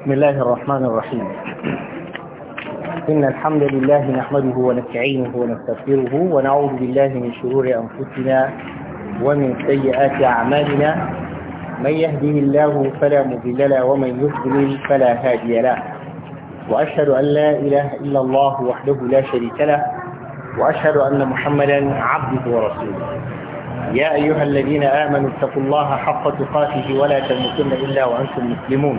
بسم الله الرحمن الرحيم إن الحمد لله نحمده ونستعينه ونستغفره ونعوذ بالله من شرور أنفسنا ومن سيئات أعمالنا من يهده الله فلا مضل له ومن يضلل فلا هادي له وأشهد أن لا إله إلا الله وحده لا شريك له وأشهد أن محمدا عبده ورسوله يا أيها الذين آمنوا اتقوا الله حق تقاته ولا تموتن إلا وأنتم مسلمون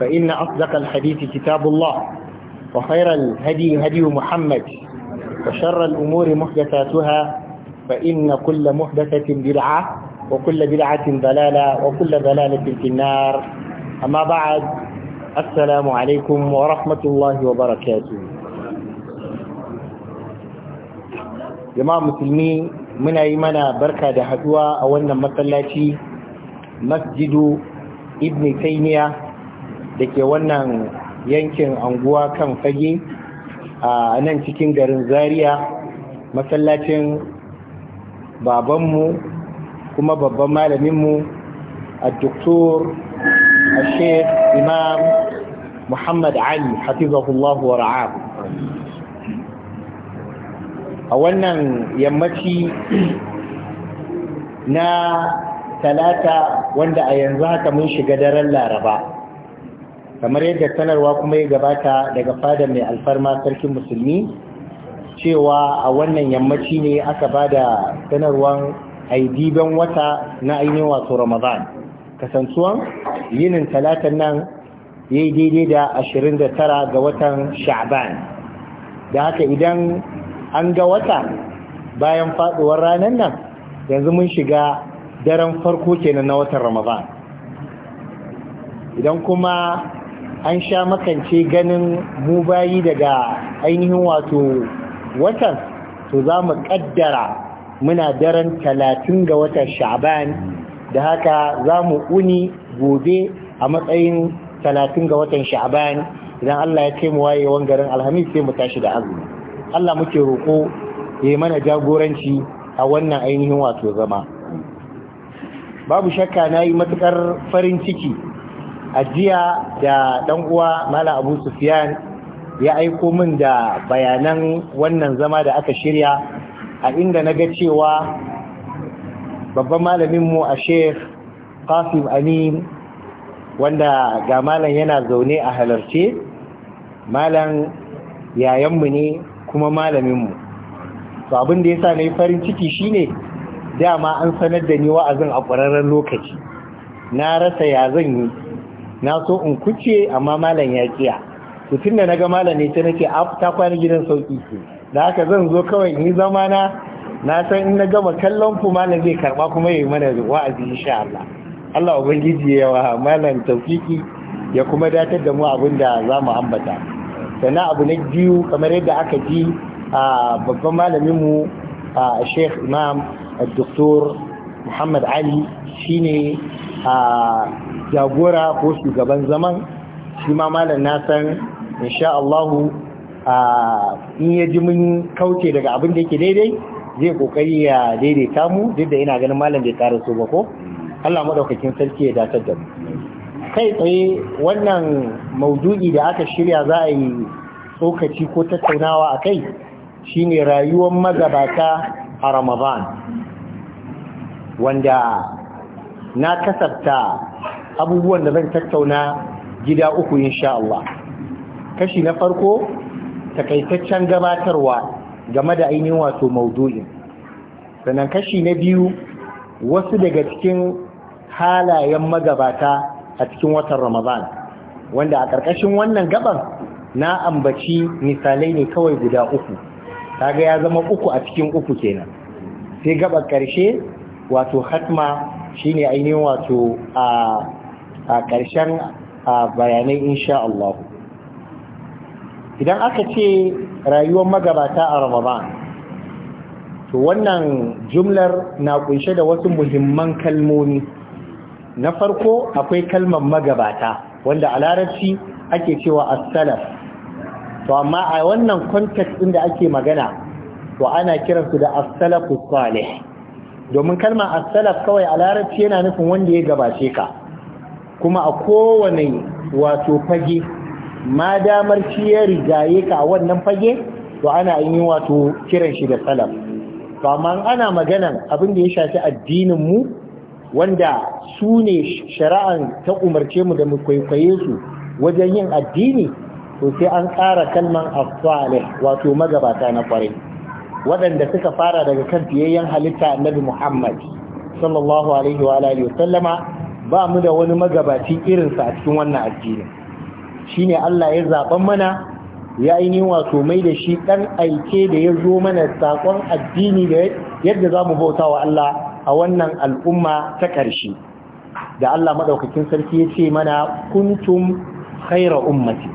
فإن أصدق الحديث كتاب الله وخير الهدي هدي محمد وشر الأمور محدثاتها فإن كل محدثة بدعة وكل بدعة ضلالة وكل ضلالة في النار أما بعد السلام عليكم ورحمة الله وبركاته جماعة المسلمين من أيمنا بركة دهدوا أولنا مثلاتي مسجد ابن تيمية da ke wannan yankin anguwa kan fage a nan cikin garin zaria masallacin babanmu kuma babban malaminmu a doktor a sheikh imam muhammad ali hafizahullahu wa ra'ab a wannan yammaci na talata wanda a yanzu haka mun shiga daren laraba kamar yadda sanarwa kuma ya gabata daga fada mai alfarma sarkin musulmi cewa a wannan yammaci ne aka ba da sanarwar aidiban wata na ainihin wato ramadan kasantuwan yinin talatan nan ya yi daidai da ashirin da tara ga watan sha'ban da haka idan an ga wata bayan faduwar ranar nan yanzu mun shiga daren farko kenan na watan ramadan idan kuma an sha makance ganin mu bayi daga ainihin wato watan to za mu kaddara muna daren talatin ga watan sha'ban da haka za mu uni gobe a matsayin talatin ga watan sha'ban idan Allah ya kai mu wayewan garin alhamis sai mu tashi da azumi Allah muke roƙo ya mana jagoranci a wannan ainihin wato zama babu shakka na yi matuƙar farin ciki ajiya da dan uwa mala abu sufyan ya aiko min da bayanan wannan zama da aka shirya a inda na ga cewa babban malaminmu a sheikh qasim amin wanda ga malam yana zaune a halarce malam yayanmu ne kuma malaminmu to abin da ya sa na yi farin ciki shine dama an sanar da ni wa'azin a ƙwararren lokaci na rasa ya zan yi na so in kuce amma malam ya kiya to tunda naga malam ne ta nake ta kwana gidan sauki da haka zan zo kawai in yi zama na na san in na gama kallon ku malam zai karba kuma yayi mana wa'azi insha Allah Allah ubangiji ya wa malam tawfiki ya kuma datar da mu abinda mu ambata sannan abu na biyu kamar yadda aka ji a babban malamin mu a Sheikh Imam Dr. Muhammad Ali shine a jagora ko shugaban zaman shi ma malam na san insha Allahu in ya ji mun kauce daga abin da yake daidai zai kokari ya daidaita mu duk da ina ganin malam bai ƙara so ba ko Allah madaukakin sarki ya datar da mu kai tsaye wannan maudu'i da aka shirya za a yi tsokaci ko tattaunawa a kai shine rayuwar magabata a Ramadan wanda na kasafta abubuwan da zan tattauna gida uku insha Allah kashi na farko takaitaccen gabatarwa game da ainihin wato maudu'in sannan kashi na biyu wasu daga cikin halayen magabata a cikin watan Ramadan wanda a ƙarƙashin wannan gaban na ambaci misalai ne kawai guda uku kaga ya zama uku a cikin uku kenan sai gaban ƙarshe wato hatma shine ainihin wato a a ƙarshen bayanai insha Allah idan aka ce rayuwar magabata a Ramadan to wannan jumlar na kunshe da wasu muhimman kalmomi na farko akwai kalmar magabata wanda a larabci ake cewa as-salaf to amma a wannan context din da ake magana to ana kiransu da as salih domin kalmar as kawai a larabci yana nufin wanda ya gabace ka kuma a kowane wato fage ma damar shi ya rigaye ka a wannan fage to ana yi wato kiran shi da salaf to amma ana maganan abin da ya shafi addinin mu wanda su ne shari'an ta umarce mu da mu kwaikwaye su wajen yin addini to sai an ƙara kalman as-salih wato magabata na kwarai waɗanda suka fara daga kan fiyayyen halitta annabi Muhammad sallallahu alaihi wa alihi wa sallama ba mu da wani magabaci irinsa a cikin wannan addinin shine Allah ya zaɓan mana ya yi ni wato mai da shi ɗan aike da ya zo mana saƙon addini da yadda za mu bauta wa Allah a wannan al'umma ta ƙarshe da Allah maɗaukakin sarki ya ce mana kuntum khaira ummati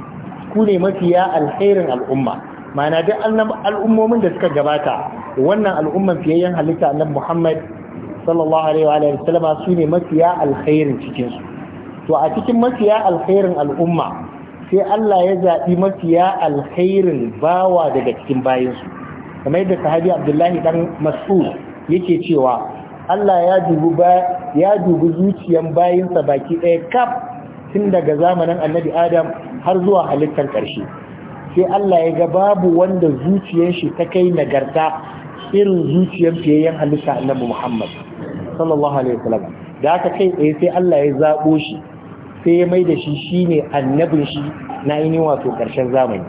ku ne mafiya alkhairin al'umma ma'ana duk al'ummomin da suka gabata wannan al'umman fiyayyen halitta annabi Muhammad sallallahu alaihi wa sallama su ne mafiya alkhairin cikin su to a cikin mafiya alkhairin al'umma sai Allah ya zaɓi mafiya alkhairin bawa daga cikin bayansu kamar yadda sahabi Abdullahi dan Mas'ud yake cewa Allah ya dubi ba ya dubi zuciyan bayinsa baki ɗaya kaf tun daga zamanin Annabi Adam har zuwa halittar ƙarshe sai Allah ya ga babu wanda zuciyar shi ta kai nagarta irin zuciyar fiyayyen halitta Annabi Muhammad sallallahu alaihi wasallam da aka kai tsaye sai Allah ya zabo shi sai ya mai da shi shine annabin shi na ainihin wato karshen zamani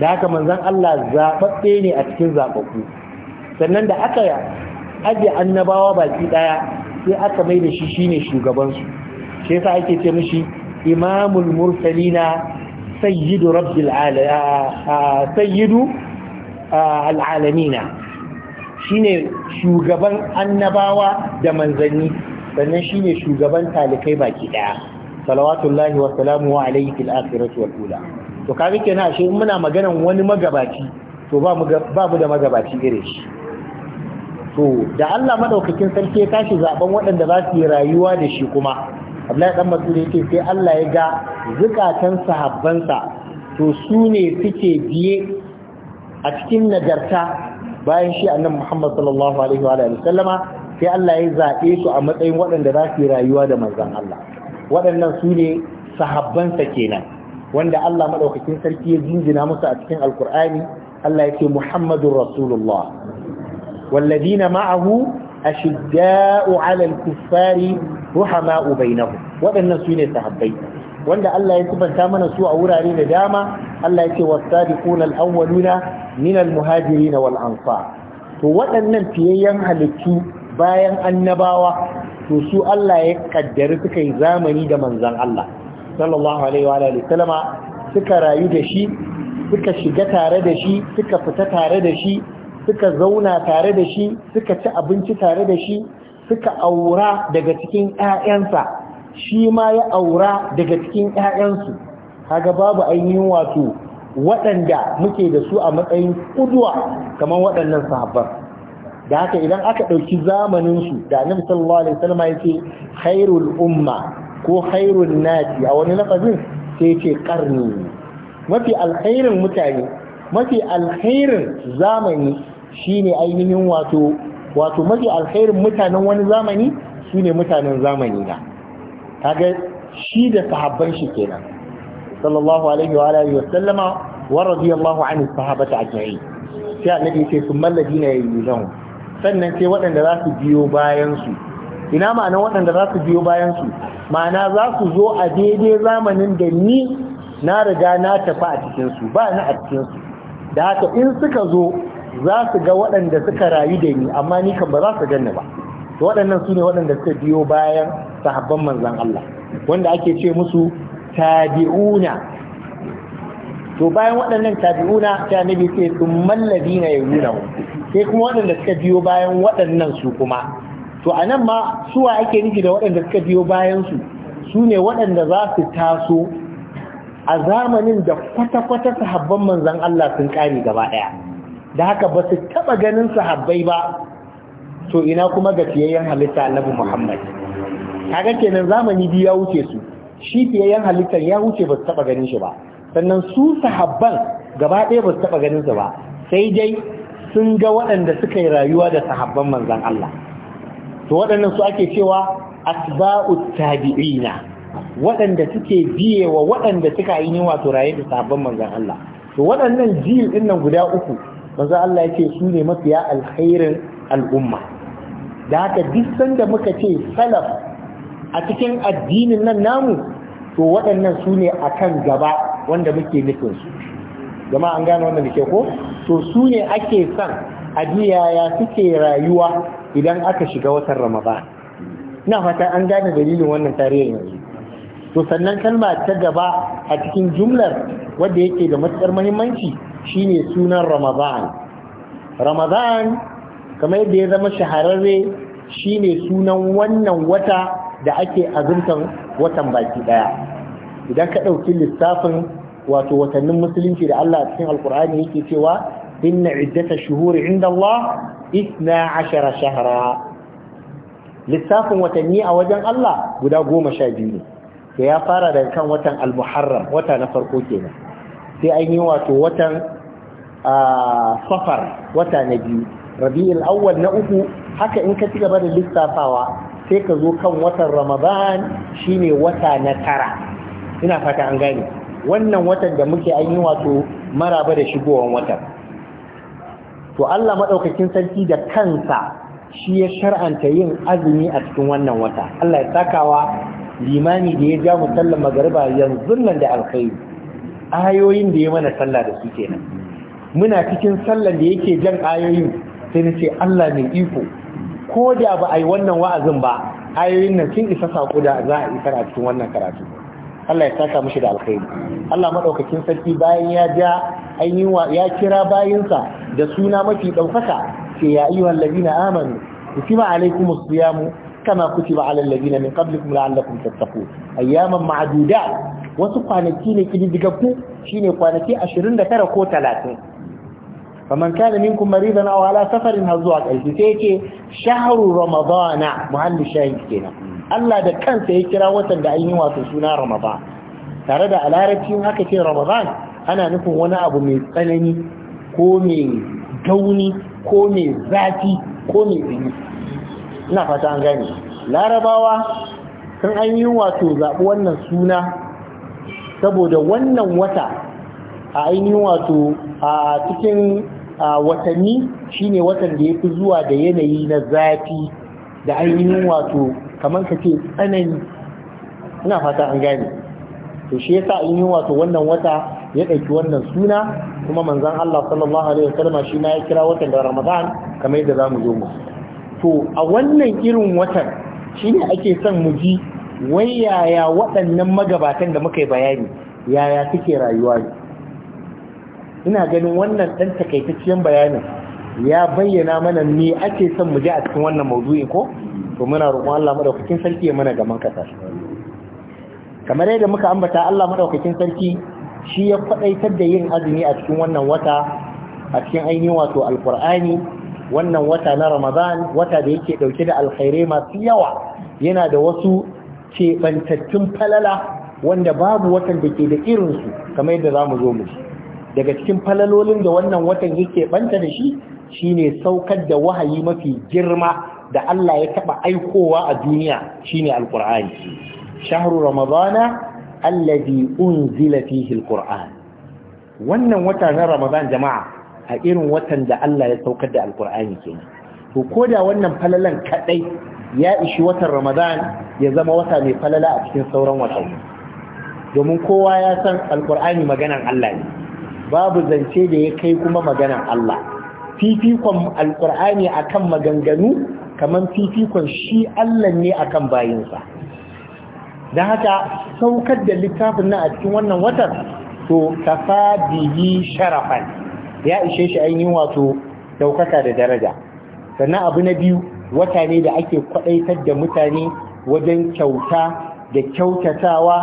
da aka manzon Allah zababbe ne a cikin zababbu sannan da aka ajiye annabawa baki daya sai aka mai da shi shine shugaban su sai yasa ake ce mishi imamul mursalina sayyidu rabbil alamin sayyidu al'alamina shine shugaban annabawa da manzanni sannan shine shugaban talikai baki daya salawatullahi wa salamu alayhi fil akhirati wal ula to kaga kenan ashe in muna maganan wani magabaci to ba mu ba mu da magabaci irin shi to da Allah madaukakin sarki ya tashi zaben waɗanda za su yi rayuwa da shi kuma Abdullahi dan Mas'ud yake sai Allah ya ga zukatan sahabbansa to su ne suke biye a cikin nagarta bayan shi annan Muhammad sallallahu alaihi wa alihi sallama sai Allah ya zaɓe su a matsayin waɗanda za su yi rayuwa da manzon Allah waɗannan su ne sahabbansa kenan wanda Allah madaukakin sarki ya jinjina musu a cikin alkur'ani Allah ya ce Muhammadur Rasulullah والذين معه أشداء على الكفار رحماء Waɗannan وأن سنة sahabbai wanda Allah ya sifanta mana su a wurare da dama Allah ya ce wasabiquna al-awwaluna min al-muhajirin wal ansar to waɗannan fiyayyen halittu bayan annabawa to su Allah ya ƙaddari suka yi zamani da manzon Allah sallallahu alaihi wa alihi sallama suka rayu da shi suka shiga tare da shi suka fita tare da shi suka zauna tare da shi suka ci abinci tare da shi suka aura daga cikin 'ya'yansa shi ma ya aura daga cikin ‘ya'yansu kaga babu ainihin wato waɗanda muke da su a matsayin kuduwa kamar waɗannan sahabbar da haka idan aka ɗauki zamaninsu da annabi sallallahu alaihi wasallam ya ce khairul umma ko khairun nati a wani lafazin sai ce karni mafi alkhairin mutane mafi alkhairin zamani shine ainihin wato wato mafi alkhairin mutanen wani zamani shine mutanen zamani na kaga shi da sahabban shi kenan sallallahu alaihi wa alihi wa sallama wa radiyallahu anhu sahabata ajma'in sai annabi sai sun malladina zan sannan sai waɗanda za su biyo bayan su ina ma'ana waɗanda za su biyo bayan su ma'ana za su zo a daidai zamanin da ni na riga na tafi a cikin su ba ni a cikin su da haka in suka zo za su ga waɗanda suka rayu da ni amma ni kan ba za su ganni ba to waɗannan su ne waɗanda suka biyo bayan sahabban manzan Allah wanda ake ce musu tabi'una to bayan waɗannan tabi'una ta nabi sai sun mallabi na yayyuna sai kuma waɗanda suka biyo bayan waɗannan su kuma to a nan ma suwa ake nufi da waɗanda suka biyo bayan su su ne waɗanda za su taso a zamanin da kwata-kwata sahabban manzan Allah sun ƙare gaba ɗaya da haka ba su taɓa ganin sahabbai ba to ina kuma ga fiyayyen halitta annabi Muhammad kaga kenan zamani biyu ya wuce su shi yan halittar ya wuce ba su taba ganin shi ba sannan su sahabban gaba ɗaya ba su taba ganin su ba sai dai sun ga waɗanda suka yi rayuwa da sahabban manzan Allah to waɗannan su ake cewa asba'u tabi'ina waɗanda suke biye wa waɗanda suka yi ni wato raye da sahabban manzan Allah to waɗannan jil ɗin nan guda uku manzan Allah yake su ne mafiya alkhairin al'umma da haka duk sanda muka ce salaf a cikin addinin nan namu to waɗannan su ne a kan gaba wanda muke nufin su an gane wannan da ke ko to su ne ake son a ya suke rayuwa idan aka shiga watan ramadan na fata an gane dalilin wannan tarihin yanzu to sannan kalma ta gaba a cikin jumlar wanda yake da matuƙar muhimmanci shine sunan ramadan ramadan kamar yadda ya zama shahararre shine sunan wannan wata da ake azumtan watan baki daya idan ka ɗauki lissafin wato watannin musulunci da Allah cikin alkur'ani yake cewa inna iddata shuhuri inda Allah isna ashara shahara lissafin watanni a wajen Allah guda goma sha biyu ne sai ya fara daga kan watan al-muharram wata na farko kenan sai an yi wato watan safar wata na biyu rabi'ul awwal na uku haka in ka ci gaba da lissafawa sai ka zo kan watan ramadan shine wata na tara ina fata an gane wannan watan da muke an yi wato maraba da shigowar watan to Allah maɗaukakin sarki da kansa shi ya shar'anta yin azumi a cikin wannan wata Allah ya sakawa limani da ya ja mu sallar magariba yanzu nan da alkhairi ayoyin da ya mana sallah da su kenan muna cikin sallar da yake jan ayoyin sai na ce Allah mai iko ko da ba a yi wannan wa'azin ba ayoyin nan sun isa saƙo da za a isa a cikin wannan karatu Allah ya saka mishi da alkhairi Allah madaukakin sarki bayan ya ja ainihin ya kira bayinsa da suna mafi ɗaukaka ce ya ayu allazina amanu kutiba alaikumus siyam kama kutiba alal ladina min qablikum la'allakum tattaqun Ayyaman ma'dudat wasu kwanaki ne kididdigaggu shine kwanaki 29 ko 30 faman kana minkum maridan aw ala safarin Hazuwa zuwa ƙarshe sai yake na ramadana muhalli shahid kenan Allah da kansa ya kira watan da ainihin wato suna ramadan tare da alarabci in aka ce ramadan ana nufin wani abu mai tsanani ko mai gauni ko mai zafi ko mai tsini ina fata an gane larabawa sun ainihin wato zaɓi wannan suna saboda wannan wata a ainihin wato a cikin A watanni shine watan da ya fi zuwa da yanayi na zafi da ainihin wato kamar ka ce tsanani ina fata an gane to shi yasa ainihin wato wannan wata ya ɗauki wannan suna kuma manzan Allah sallallahu alaihi wasallam shi ma ya kira watan da Ramadan kamar yadda zamu zo mu to a wannan irin watan shine ake son mu ji wai yaya waɗannan magabatan da muka yi bayani yaya suke rayuwa ne ina ganin wannan ɗan takaitaccen bayanin ya bayyana mana me ake son mu a cikin wannan maudu'i ko to muna roƙon Allah madaukakin sarki ya mana gaman kasar kamar yadda muka ambata Allah madaukakin sarki shi ya faɗaitar da yin azumi a cikin wannan wata a cikin ainihin wato alkur'ani wannan wata na ramadan wata da yake ɗauke da alkhairai masu yawa yana da wasu keɓantattun falala wanda babu watan da ke da irinsu kamar yadda za mu zo mu shi daga cikin falalolin da wannan watan yake banta da shi shine saukar da wahayi mafi girma da Allah ya taba aikowa a duniya shine alqur'ani shahru ramadana alladhi unzila fihi alqur'an wannan wata na ramadan jama'a a irin watan da Allah ya saukar da alqur'ani kenan to koda wannan falalan kadai ya ishi watan ramadan ya zama wata mai falala a cikin sauran watanni domin kowa ya san alqur'ani maganan Allah ne babu zance da ya kai kuma maganar Allah fifikon alkur'ani akan maganganu kamar fifikon shi Allah ne akan bayinsa don haka saukar da littafin nan a cikin wannan watan to kafa biyi sharafan ya ishe shi ainihin wato daukaka da daraja sannan abu na biyu wata ne da ake kwadaitar da mutane wajen kyauta da kyautatawa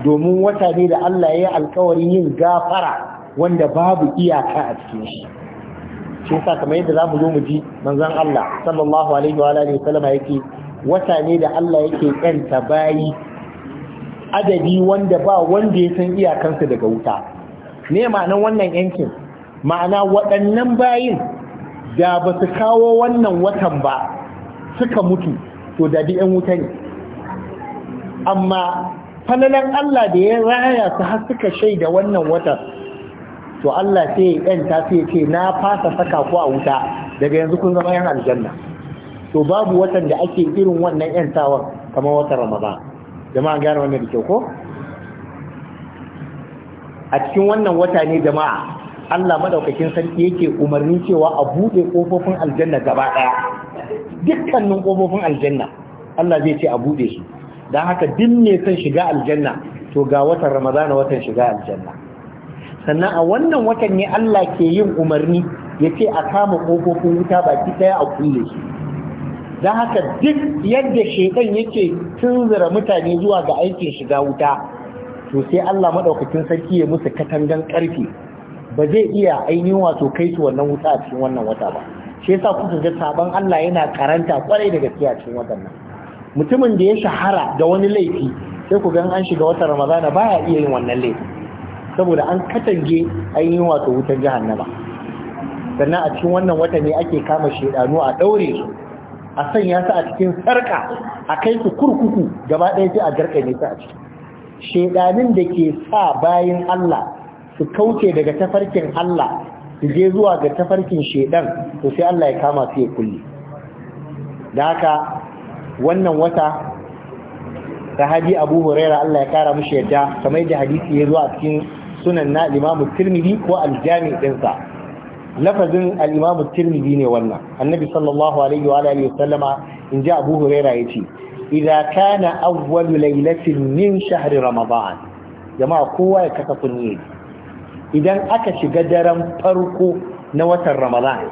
domin wata ne da Allah ya yi alkawarin yin gafara wanda babu iyaka a cikin shi shi yasa kamar yadda zamu zo mu ji manzon Allah sallallahu alaihi wa alihi wasallama yake wata ne da Allah yake kanta bayi adadi wanda ba wanda ya san iyakansa daga wuta ne ma'anan wannan yankin ma'ana waɗannan bayin da ba su kawo wannan watan ba suka mutu to da bi yan wuta ne amma falalan Allah da ya raya su har suka shaida wannan watan to Allah sai 'yan ta sai ya ce na fasa saka ku a wuta daga yanzu kun zama yan aljanna to babu watan da ake irin wannan yantawan kamar watan Ramadan jama'a gane wannan da kyau ko a cikin wannan wata ne jama'a Allah madaukakin sarki yake umarni cewa a buɗe kofofin aljanna gaba ɗaya dukkanin kofofin aljanna Allah zai ce a buɗe su dan haka duk ne son shiga aljanna to ga watan ramadan watan shiga aljanna sannan a wannan watan ne Allah ke yin umarni ya ce a kama ƙofofin wuta baki ɗaya a kulle su don haka duk yadda shekan yake tunzura mutane zuwa ga aikin shiga wuta to sai Allah maɗaukacin sarki ya musu katangan ƙarfe ba zai iya ainihin wato kai su wannan wuta a cikin wannan wata ba shi yasa kuka ga sabon Allah yana karanta kwarai da gaskiya cikin wannan. mutumin da ya shahara da wani laifi sai ku ga an shiga watan Ramadana baya iya yin wannan laifin saboda an katange ainihin wato wutar jahannama sannan a cikin wannan wata ne ake kama shedanu a daure su a sanya su a cikin sarka a kai su kurkuku gaba ɗaya sai a garkame su a ciki shedanin da ke sa bayin Allah su kauce daga tafarkin Allah su je zuwa ga tafarkin shedan to sai Allah ya kama su ya kulle da haka wannan wata ta haji Abu Huraira Allah ya kara mishi yadda kamar da hadisi ya zo a cikin sunan na imamu tirmidhi ko aljami ɗinsa lafazin al'imamu tirmidhi ne wannan annabi sallallahu alaihi wa alihi wasallama in ji abu huraira ya ce idza kana awwalu lailatin min shahri ramadan jama'a kowa ya kasa kunye idan aka shiga daren farko na watan ramadan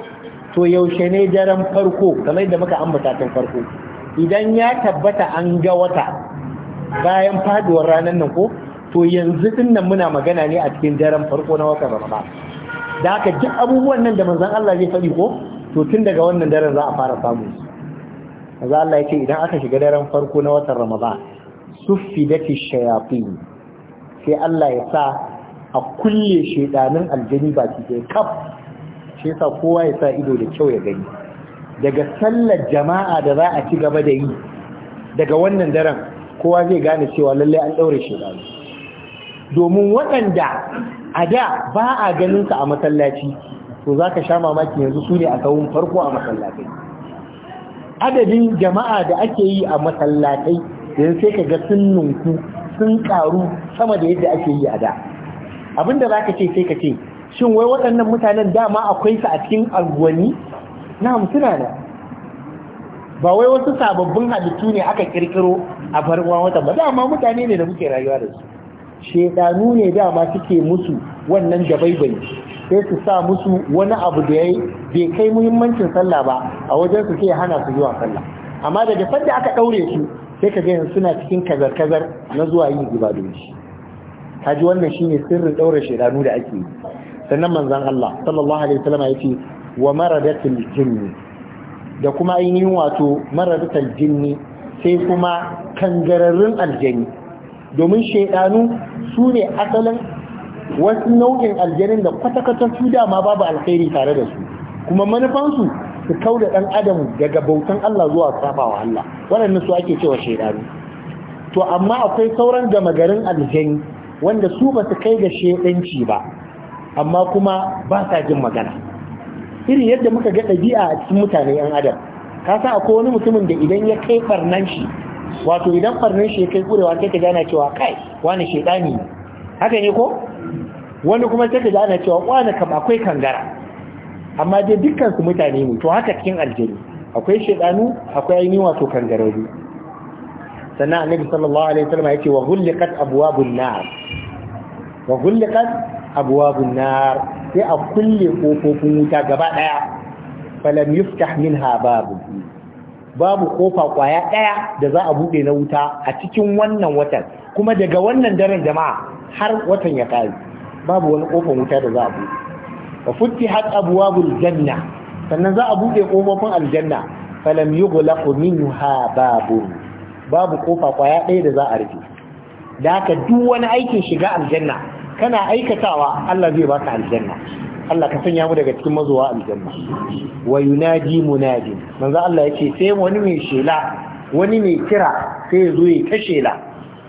to yaushe ne daren farko kamar da muka ambata tun farko idan ya tabbata an ga wata bayan faduwar ranar nan ko to yanzu din nan muna magana ne a cikin daren farko na watan Ramadan da haka duk abubuwan nan da manzon Allah zai faɗi ko to tun daga wannan daren za a fara samu manzon Allah yake idan aka shiga daren farko na watan Ramadan suffidati shayatin sai Allah ya sa a kulle shedanin aljani baki ɗaya kaf shi yasa kowa ya sa ido da kyau ya gani daga sallar jama'a da za a ci gaba da yi daga wannan daren kowa zai gane cewa lallai an ɗaure shedanu domin waɗanda a da ba a ganinsa a masallaci to za ka sha mamaki yanzu su ne a kawun farko a masallatai adadin jama'a da ake yi a masallatai yanzu sai ka ga sun nunku sun karu sama da yadda ake yi a da abinda za ka ce sai ka ce shin wai waɗannan mutanen dama akwai su a cikin alwani na suna na ba wai wasu sababbin halittu ne aka kirkiro a farkon wata ba dama mutane ne da muke rayuwa da su shekaru ne dama suke musu wannan dabaibai sai su sa musu wani abu da ya bai kai muhimmancin sallah ba a wajen su sai hana su zuwa sallah amma daga fadda aka daure su sai ka gaya suna cikin kazar-kazar na zuwa yin ibadoji kaji wannan shine sirrin daure shekaru da ake yi sannan manzon Allah sallallahu alaihi wasallam ya ce wa maradatul jinni da kuma ainihin wato maradatul jinni sai kuma kangararrun aljani domin shaidanu su ne asalin wasu nau'in aljanin da kwata-kwata su dama babu alkhairi tare da su kuma manufansu su kau da ɗan adam daga bautan Allah zuwa sabawa Allah waɗannan su ake cewa shaidanu to amma akwai sauran gama garin aljani wanda su ba su kai ga shaidanci ba amma kuma ba sa jin magana irin yadda muka ga ɗabi'a a cikin mutane 'yan adam ka sa akwai wani mutumin da idan ya kai barnan shi wato idan farnin shi kai kurewa sai ka gana cewa kai wani shedani ne haka ne ko wani kuma sai ka gana cewa wani kam akwai kangara amma dai dukkan su mutane ne to haka cikin aljanu akwai shedanu akwai ainihin wato kangarori sannan annabi sallallahu alaihi wasallam yace wa ghulqat abwabun nar wa ghulqat abwabun nar sai a kulle kofofin wuta gaba daya falam yuftah minha babun babu kofa kwaya ɗaya da za a buɗe na wuta a cikin wannan watan kuma daga wannan daren jama'a har watan ya kai. babu wani kofan wuta da za a buɗe wa har abwabul janna sannan za a buɗe kofofin aljanna falam yughlaqu minha babu babu kofa kwaya ɗaya da za a rufe da haka duk wani aikin shiga aljanna kana aikatawa Allah zai baka aljanna Allah ka sanya mu daga cikin mazuwa aljanna wa yunadi munadi manzo Allah yace sai wani mai shela wani mai kira sai ya zo ya ta la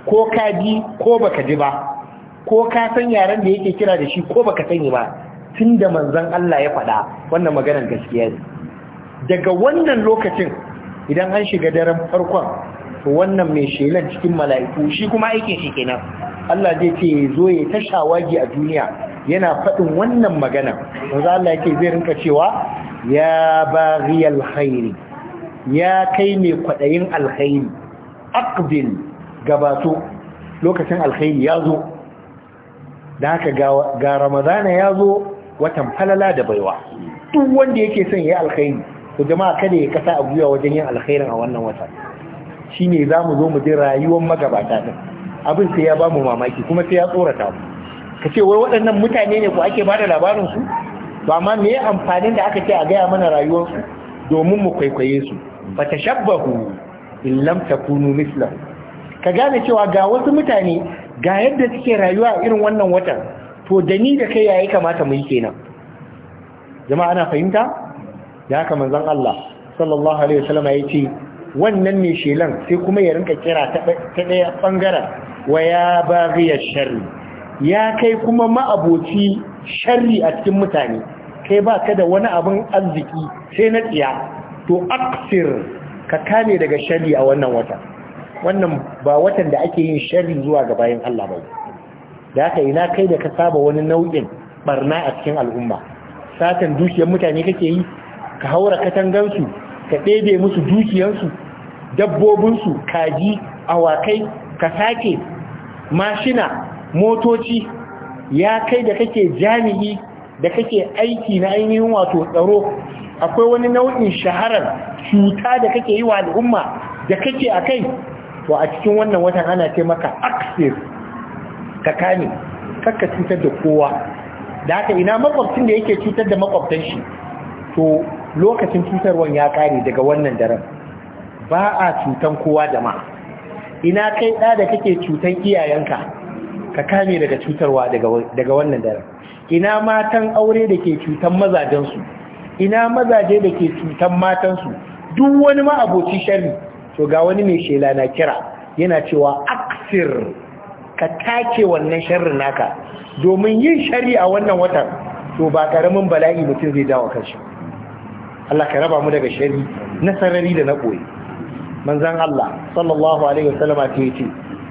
ko ka ji ko baka ji ba ko ka san yaran da yake kira da shi ko baka sani ba tunda manzon Allah ya faɗa wannan maganar gaskiya ne daga wannan lokacin idan an shiga daren farkon to wannan mai shelar cikin mala'iku shi kuma aikin shi kenan Allah zai ce zo ya ta shawagi a duniya yana faɗin wannan magana Wanzu Allah yake zai rinka cewa ya baghiyal alkhairi. ya kai mai kwaɗayin alkhairi aqbil gabato lokacin alkhairi ya zo da haka ga ramadana ya zo watan falala da baiwa duk wanda yake son ya yi alkhairi to jama'a kada ya kasa a gwiwa wajen yin alkhairin a wannan watan. shine za mu zo mu ji rayuwar magabata din abin sai ya bamu mamaki kuma sai ya tsorata mu ka ce wai waɗannan mutane ne ku ake bada labarin su to amma me amfanin da aka ce a gaya mana rayuwar su domin mu kwaikwaye su fa shabbahu in lam takunu mislahu ka gane cewa ga wasu mutane ga yadda suke rayuwa irin wannan watan to da ni da kai yayi kamata mu yi kenan jama'a ana fahimta ya haka manzon Allah sallallahu alaihi wasallam ya ce wannan ne shelan sai kuma ya rinka kira ta ɗaya ɓangaren wa ya bagiyar sharri ya kai kuma ma'aboci sharri a cikin mutane kai ba ka da wani abin arziki sai na tsiya to aksir ka kame daga sharri a wannan wata wannan ba watan da ake yin sharri zuwa ga bayan Allah ba da haka ina kai da ka saba wani nau'in barna a cikin al'umma satan dukiyar mutane kake yi ka haura katangansu ka ɗebe musu dukiyarsu dabbobinsu kaji awakai ka sake mashina motoci ya kai da kake jami'i da kake aiki na ainihin wato tsaro akwai wani nau'in shaharar cuta da kake yi wa al'umma da kake a kai to a cikin wannan watan ana ce maka aksir ka kame kakka cutar da kowa da haka ina makwabcin da yake cutar da makwabtan shi to lokacin cutarwar ya kare daga wannan daren ba a cutan kowa da ma ina kai ɗa da kake cutan iyayenka ka kame daga cutarwa daga wannan daren ina matan aure da ke cutan mazajensu ina mazaje da ke cutan matansu duk wani ma aboci shari to ga wani mai shela na kira yana cewa aksir ka take wannan sharrin naka domin yin shari a wannan watan to ba karamin bala'i mutum zai dawo shi. Allah ka raba mu daga shari na sarari da na ɓoye. manzan Allah sallallahu alaihi wasallama ta ce,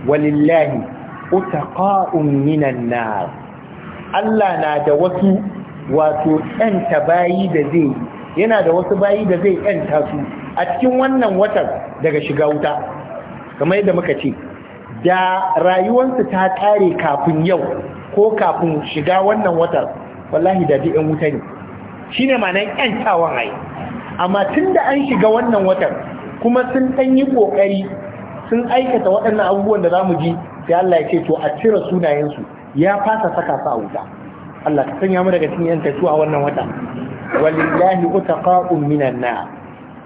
walillahi utaƙa'un minan na. Allah na da wasu wato ‘yanta bayi da zai yana da wasu bayi da zai ‘yanta su a cikin wannan watan daga shiga wuta kamar yadda muka ce da rayuwarsu ta ƙare kafin yau ko kafin shiga wannan watan wallahi da ji 'yan wuta ne Shi ne shine ma'anar yantawan ai amma tun da an shiga wannan watan kuma sun ɗan yi ƙoƙari, sun aikata waɗannan abubuwan da za mu ji sai Allah ya ce to a cire sunayensu ya fasa saka su a wuta Allah ka sanya mu daga cikin yantattu a wannan wata walillahi utaqa'un minan na.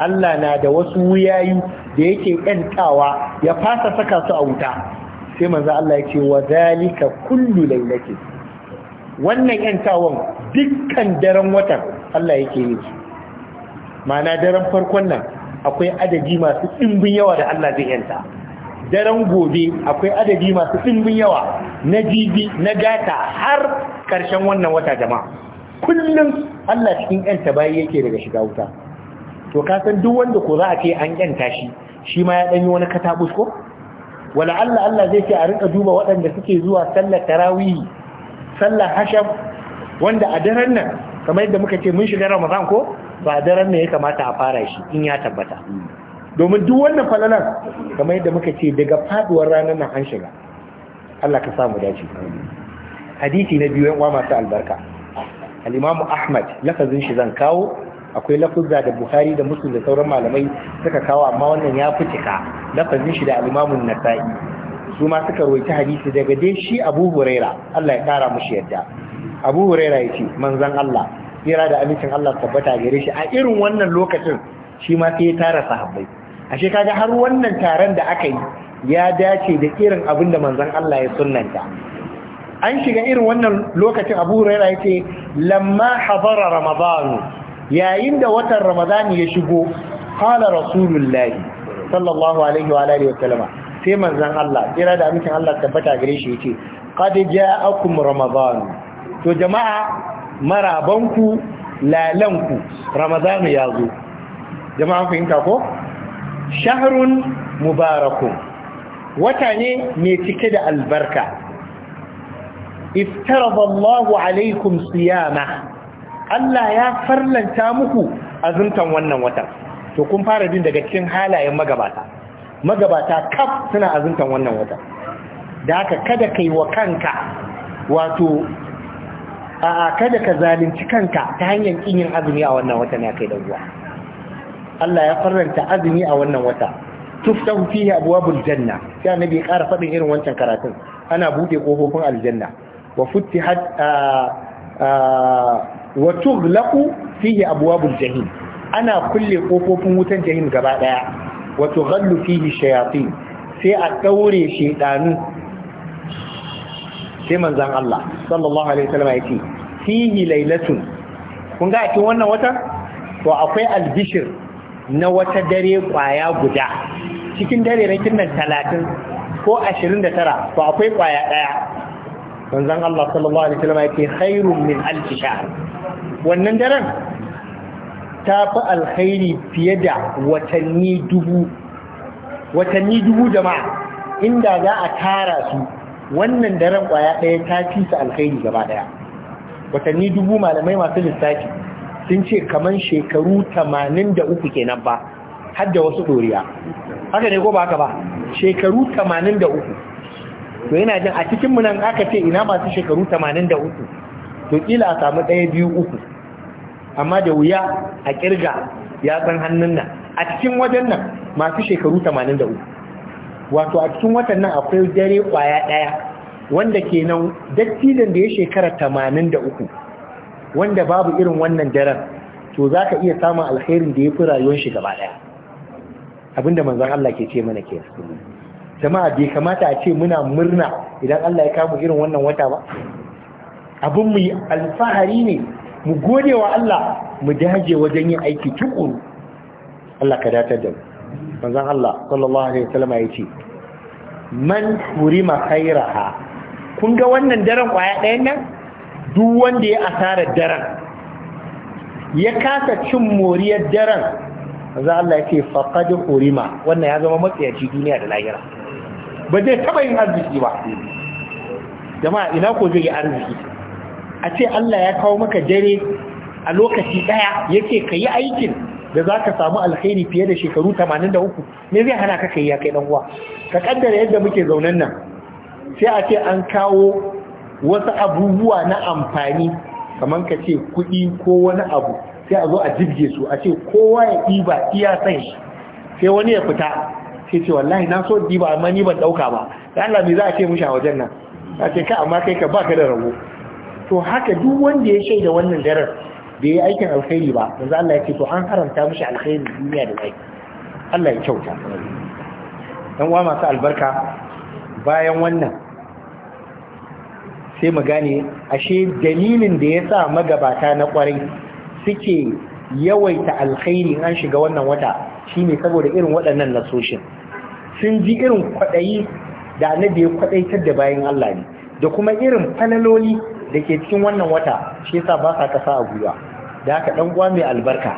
Allah na da wasu wuyayi da yake ƙantawa ya fasa saka su a wuta sai manzo Allah ya ce wa zalika kullu lailatin wannan yantawan dukkan daren watan Allah yake yi ma'ana daren farkon nan akwai adadi masu ɗimbin yawa da Allah zai yanta daren gobe akwai adadi masu ɗimbin yawa na jibi na gata har ƙarshen wannan wata jama'a kullum Allah cikin yanta bayi yake daga shiga wuta to ka san duk wanda ko za a ce an yanta shi shi ma ya ɗanyi wani katabus ko wala Allah Allah zai ce a rinka duba waɗanda suke zuwa sallar tarawih sallah hasham wanda a daren nan kamar yadda muka ce mun shiga ramadan ko ba a daren nan ya kamata a fara shi in ya tabbata domin duk wannan falalan kamar yadda muka ce daga faduwar ranar nan an shiga Allah ka samu dace hadisi na biyu yan masu albarka al-Imam Ahmad lafazin shi zan kawo akwai lafuzza da Buhari da Muslim da sauran malamai suka kawo amma wannan ya fi cika lafazin shi da al-Imam Nasa'i su ma suka roƙi hadisi daga dai shi abu huraira Allah ya kara mushi yadda abu huraira ya ce manzan Allah tsira da amincin Allah tabbata gare shi a irin wannan lokacin shi ma sai ya tara sahabbai ashe kaga har wannan taron da aka yi ya dace da irin abin da manzan Allah ya sunanta an shiga irin wannan lokacin abu huraira ya ce lamma hadara ramadanu yayin da watan ramadani ya shigo qala rasulullahi sallallahu alaihi wa alihi wa sallama sai manzan Allah kira da amincin Allah tabbata gare shi yace qad ja'akum ramadan to jama'a marabanku lalanku ramadan ya zo jama'a fahimta ko shahrun mubarakun wata ne mai cike da albarka iftaradallahu alaikum siyama Allah ya farlanta muku azumtan wannan wata to kun fara din daga cikin halayen magabata magabata kaf suna azumtan wannan wata da haka kada ka yi wa kanka wato a kada ka zalunci kanka ta hanyar kin azumi a wannan wata ne kai dan uwa Allah ya farranta azumi a wannan wata tuftahu fihi abwabul janna sai annabi ya ƙara faɗin irin wancan karatun ana bude kofofin aljanna wa futihat wa tughlaqu fihi abwabul jahim ana kulle kofofin wutan jahim gaba daya wa tughallu fihi shayatin sai a daure shedanu sai manzan Allah sallallahu alaihi wasallam ya ce fihi lailatun kun ga a cikin wannan wata to akwai albishir na wata dare kwaya guda cikin dare na nan talatin ko ashirin da tara to akwai kwaya ɗaya Manzan Allah sallallahu alaihi wasallam ya ce khairun min alfi wannan daren ta fi alkhairi fiye da watanni dubu watanni dubu jama'a inda za a tara su wannan daren kwaya ɗaya ta fi su alkhairi gaba ɗaya watanni dubu malamai masu lissafi sun ce kamar shekaru tamanin da uku kenan ba har da wasu ɗoriya haka ne ko ba haka ba shekaru tamanin da uku to yana jin a cikinmu nan aka ce ina masu shekaru tamanin da uku to kila a samu ɗaya biyu uku amma da wuya a kirga ya san hannun nan a cikin wajen nan masu shekaru 83 wato a cikin watan nan akwai dare kwaya daya wanda kenan dattijan da ya shekara 83 wanda babu irin wannan daren to za ka iya samun alherin da ya fi rayuwar shi gaba daya abinda manzon Allah ke ce mana ke jama'a bai kamata a ce muna murna idan Allah ya kamu irin wannan wata ba abin mu alfahari ne mu gode wa Allah mu daje wajen yin aiki tukuru Allah ka datar da mu Allah sallallahu alaihi wasallam ya ce man hurima khairaha kun ga wannan daren kwaya ɗayan nan duk wanda ya asara daren ya kasa cin moriyar daren manzan Allah ya ce faqad hurima wannan ya zama matsayaci duniya da lahira ba zai taba yin arziki ba jama'a ina ko zai yi arziki a ce Allah ya kawo maka dare a lokaci daya yake ka yi aikin da za ka samu alkhairi fiye da shekaru 83 ne zai hana ka kai ya kai dan uwa ka ƙaddara yadda muke zaunan nan sai a ce an kawo wasu abubuwa na amfani kamar ka ce kuɗi ko wani abu sai a zo a jibge su a ce kowa ya ɗiba iya san sai wani ya fita sai ce wallahi na so ɗiba amma ni ban ɗauka ba da Allah za a ce mushi a wajen nan a ce ka amma kai ka ba ka da rabo to haka duk wanda ya shaida wannan darar bai yi aikin alkhairi ba yanzu Allah ya ce to an haramta mishi alkhairi duniya da lafiya Allah ya kyauta dan uwa masu albarka bayan wannan sai mu gane ashe dalilin da ya sa magabata na kwarai suke yawaita alkhairi an shiga wannan wata shine saboda irin waɗannan nasoshin sun ji irin kwaɗayi da annabi ya kwaɗaitar da bayan Allah ne da kuma irin fanaloli da ke cikin wannan wata shi yasa ba sa kasa a gwiwa da haka dan uwa mai albarka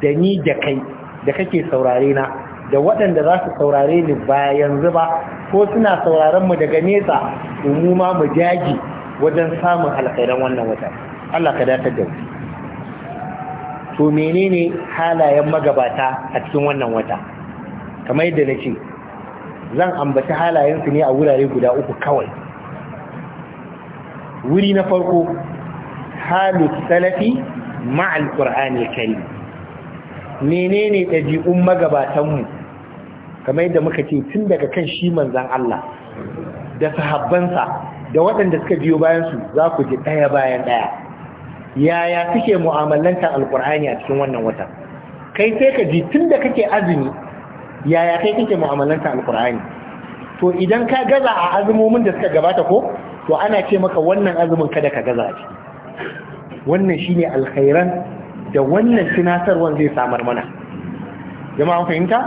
da ni da kai da kake saurare na da waɗanda za su saurare ni ba yanzu ba ko suna sauraron mu daga nesa mu ma mu jaji wajen samun alkhairan wannan wata Allah ka datar da mu to menene halayen magabata a cikin wannan wata kamar yadda na zan ambaci halayensu ne a wurare guda uku kawai wuri na farko halu salafi ma'al qur'ani kari. menene ɗabi'un magabatanmu kamar yadda muka ce tun daga kan shi manzan Allah da sahabbansa da waɗanda suka biyo bayansu za ku ji ɗaya bayan ɗaya yaya suke mu'amalantar Alƙur'ani a cikin wannan watan kai sai ka ji tun da kake azumi yaya kai kake mu'amalantar alkur'ani to idan ka gaza a azumomin da suka gabata ko to ana ce maka wannan azumin kada ka gaza a ciki wannan shine alkhairan da wannan tunatarwan zai samar mana jama'a an fahimta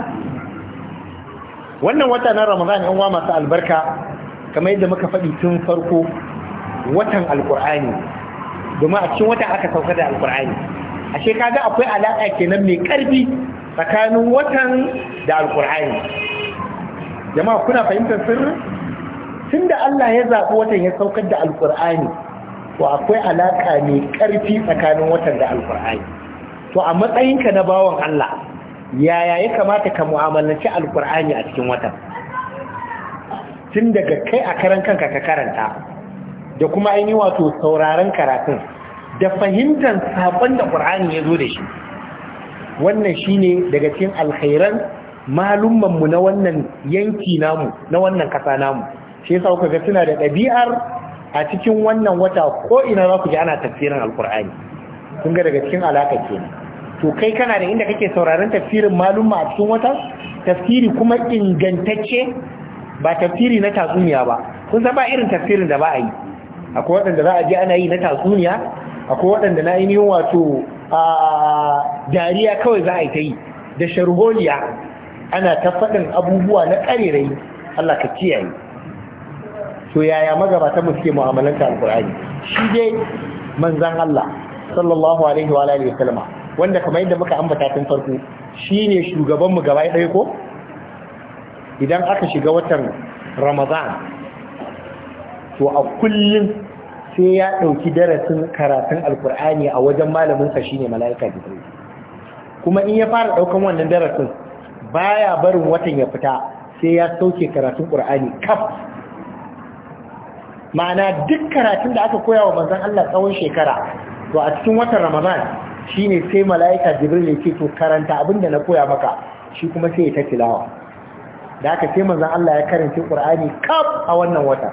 wannan wata na ramadan yan wa masu albarka kamar yadda muka faɗi tun farko watan alkur'ani domin a cikin watan aka sauka da alkur'ani ashe kaga akwai alaƙa kenan mai ƙarfi tsakanin watan da alkur'ani jama'a kuna fahimtar sirrin tun da Allah ya zaɓi watan ya saukar da alƙur'ani to akwai alaƙa mai ƙarfi tsakanin watan da alƙur'ani to a matsayinka na bawan Allah yaya ya kamata ka mu'amalanci alƙur'ani a cikin watan tun daga kai a karan kanka ka karanta da kuma aini wato sauraron karatun da fahimtar saƙon da ƙur'ani ya zo da shi wannan shi ne daga cikin alkhairan malummanmu na wannan yanki namu na wannan ƙasa namu shi yasa kuka ga suna da ɗabi'ar a cikin wannan wata ko ina za ku ji ana tafsirin alkur'ani kun ga daga cikin alaka kenan to kai kana da inda kake sauraron tafsirin maluma a cikin wata tafsiri kuma ingantacce ba tafsiri na tatsuniya ba kun san ba irin tafsirin da ba a yi akwai waɗanda za a je ana yi na tatsuniya akwai waɗanda na ainihin wato a dariya kawai za a yi ta yi da sharholiya ana ta faɗin abubuwa na ƙarerai Allah ka kiyaye to yaya magabata mu suke mu'amalanta alqur'ani shi dai manzon Allah sallallahu alaihi wa alihi wasallama wanda kamar yadda muka ambata tun farko shine shugaban mu gaba ɗaya ko idan aka shiga watan Ramadan to a kullum sai ya ɗauki darasin karatun alkur'ani a wajen malaminsa shine mala'ika jibril kuma in ya fara ɗaukan wannan darasin baya barin watan ya fita sai ya sauke karatun qur'ani kaf ma'ana duk karatun da aka koya wa Manzan Allah tsawon shekara to a cikin watan Ramadan shi ne sai mala'ika Jibril ya ce to karanta abin da na koya maka shi kuma sai ya ta tilawa da aka sai Manzan Allah ya karanta Qur'ani kaf a wannan wata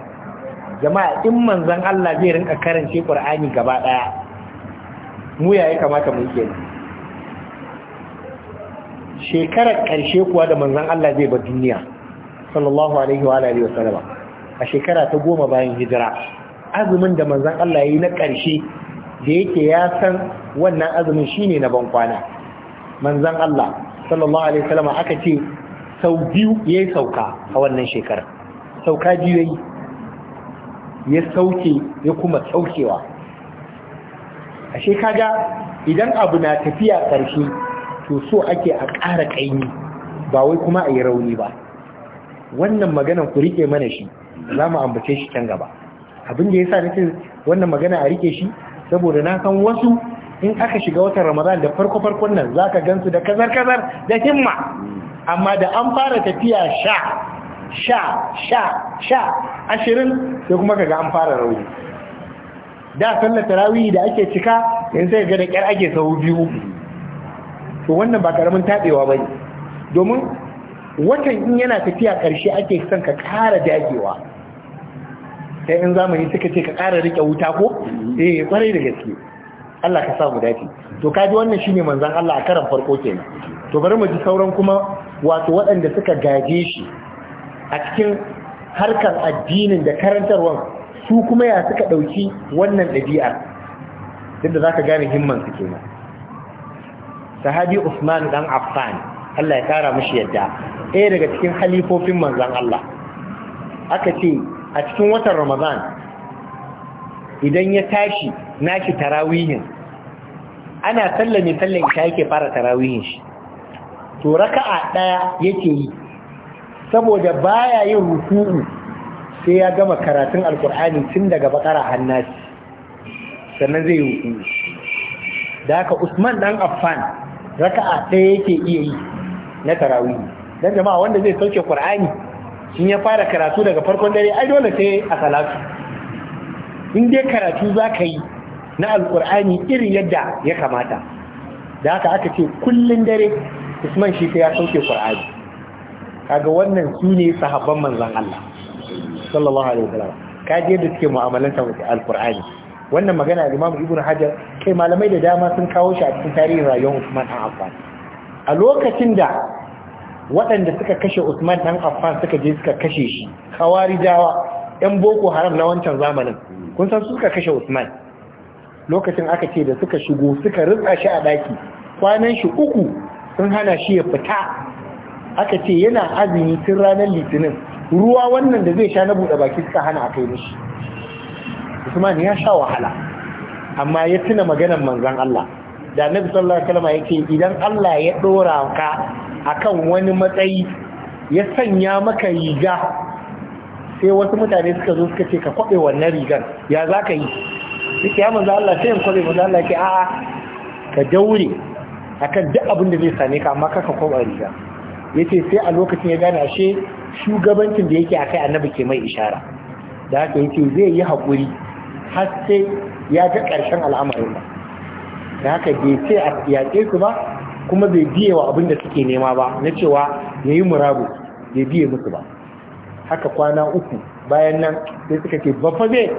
jama'a in Manzan Allah zai rinka karanta Qur'ani gaba daya mu yayi kamata mu yi shekarar ƙarshe kuwa da Manzan Allah zai ba duniya sallallahu alaihi wa alihi wa a shekara ta goma bayan hijira azumin da manzan Allah ya yi na ƙarshe da yake ya san wannan azumin shi ne na bankwana manzan Allah sallallahu alaihi wasallam aka ce sau biyu ya yi sauka a wannan shekara sauka biyu ya yi ya sauke ya kuma saukewa a shekaga idan abu na tafiya ƙarshe to so ake a ƙara ƙaini ba wai kuma a yi rauni ba wannan maganan ku riƙe mana shi za mu ambace shi can gaba abin da ya yasa nake wannan magana a rike shi saboda na san wasu in aka shiga watan Ramadan da farko farkon nan za zaka gansu da kazar kazar da himma amma da an fara tafiya sha sha sha sha ashirin sai kuma ka ga an fara rauni da sallar tarawih da ake cika yanzu sai ga da kyar ake sau biyu to wannan ba karamin tabewa bane domin watan in yana tafiya ƙarshe ake son ka ƙara dagewa sai in zamani suka ce ka kara rike wuta ko eh kwarai da gaske Allah ka sa mu dace to kaji wannan shine manzon Allah a karan farko kenan to bari mu ji sauran kuma wato waɗanda suka gaje shi a cikin harkar addinin da karantarwar su kuma ya suka ɗauki wannan dabi'a yadda zaka gane himman su kenan sahabi Usman dan Affan Allah ya kara mishi yadda ɗaya daga cikin halifofin manzan Allah aka ce a cikin watan Ramadan idan ya tashi nashi tarawihin ana sallame sallan isha yake fara tarawihin shi to raka'a ɗaya yake yi saboda baya yin ruku'u sai ya gama karatun alkur'ani tun daga bakara hannasi sannan zai yi da haka usman dan affan raka'a ɗaya yake iya yi na tarawih dan jama'a wanda zai sauke qur'ani shin ya fara karatu daga farkon dare ai dole sai a salatu in dai karatu zaka yi na alqur'ani irin yadda ya kamata da haka aka ce kullun dare Usman shi ya sauke qur'ani kaga wannan sune sahabban manzon Allah sallallahu alaihi wasallam kaje yadda suke mu'amalanta alqur'ani wannan magana da Imam Ibn Hajar kai malamai da dama sun kawo shi a cikin tarihin rayuwar Usman a Affan a lokacin da waɗanda suka kashe Usman ɗan Affan suka je suka kashe shi dawa ɗan boko haram na wancan zamanin kun san suka kashe Usman lokacin aka ce da suka shigo suka ritsa shi a ɗaki kwanan shi uku sun hana shi ya fita aka ce yana azumi tun ranar litinin ruwa wannan da zai sha na buɗe baki suka hana a kai mishi Usman ya sha wahala amma ya tuna maganar manzan Allah da na bisallar alaihi yake idan Allah ya dora ka akan wani matsayi ya sanya maka riga sai wasu mutane suka zo suka ce ka kwaɓe wannan rigar ya za ka yi suke ya manzo Allah sai in kwabe manzo Allah ke a'a ka daure kan duk abin da zai same ka amma ka kwaba riga Ya ce sai a lokacin ya gane ashe shugabancin da yake akai annabi ke mai ishara da haka yake zai yi hakuri har sai ya ga ƙarshen al'amarin ba. da haka bai ce a yaƙe su ba kuma bai biye wa abin suke nema ba na cewa ya yi murabu bai biya musu ba haka kwana uku bayan nan sai suka ce ba fa zai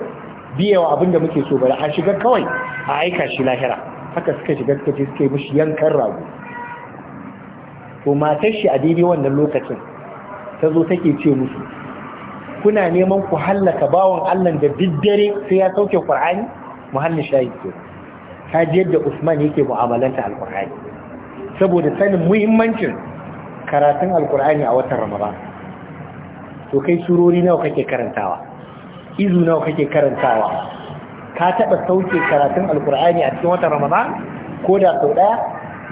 biye wa abin da muke so da a shiga kawai a aika shi lahira haka suka shiga suka ce suka yi mishi yankan rago to matar shi a daidai wannan lokacin ta zo take ce musu kuna neman ku hallaka bawan allan da biddare sai ya sauke Qur'ani muhallin shayi ke ka ji yadda Usman yake mu'amalanta alkur'ani saboda sanin muhimmancin karatun alkur'ani a watan Ramadan to kai surori nawa kake karantawa izu nawa kake karantawa ka taba sauke karatun alkur'ani a cikin watan Ramadan ko da sau daya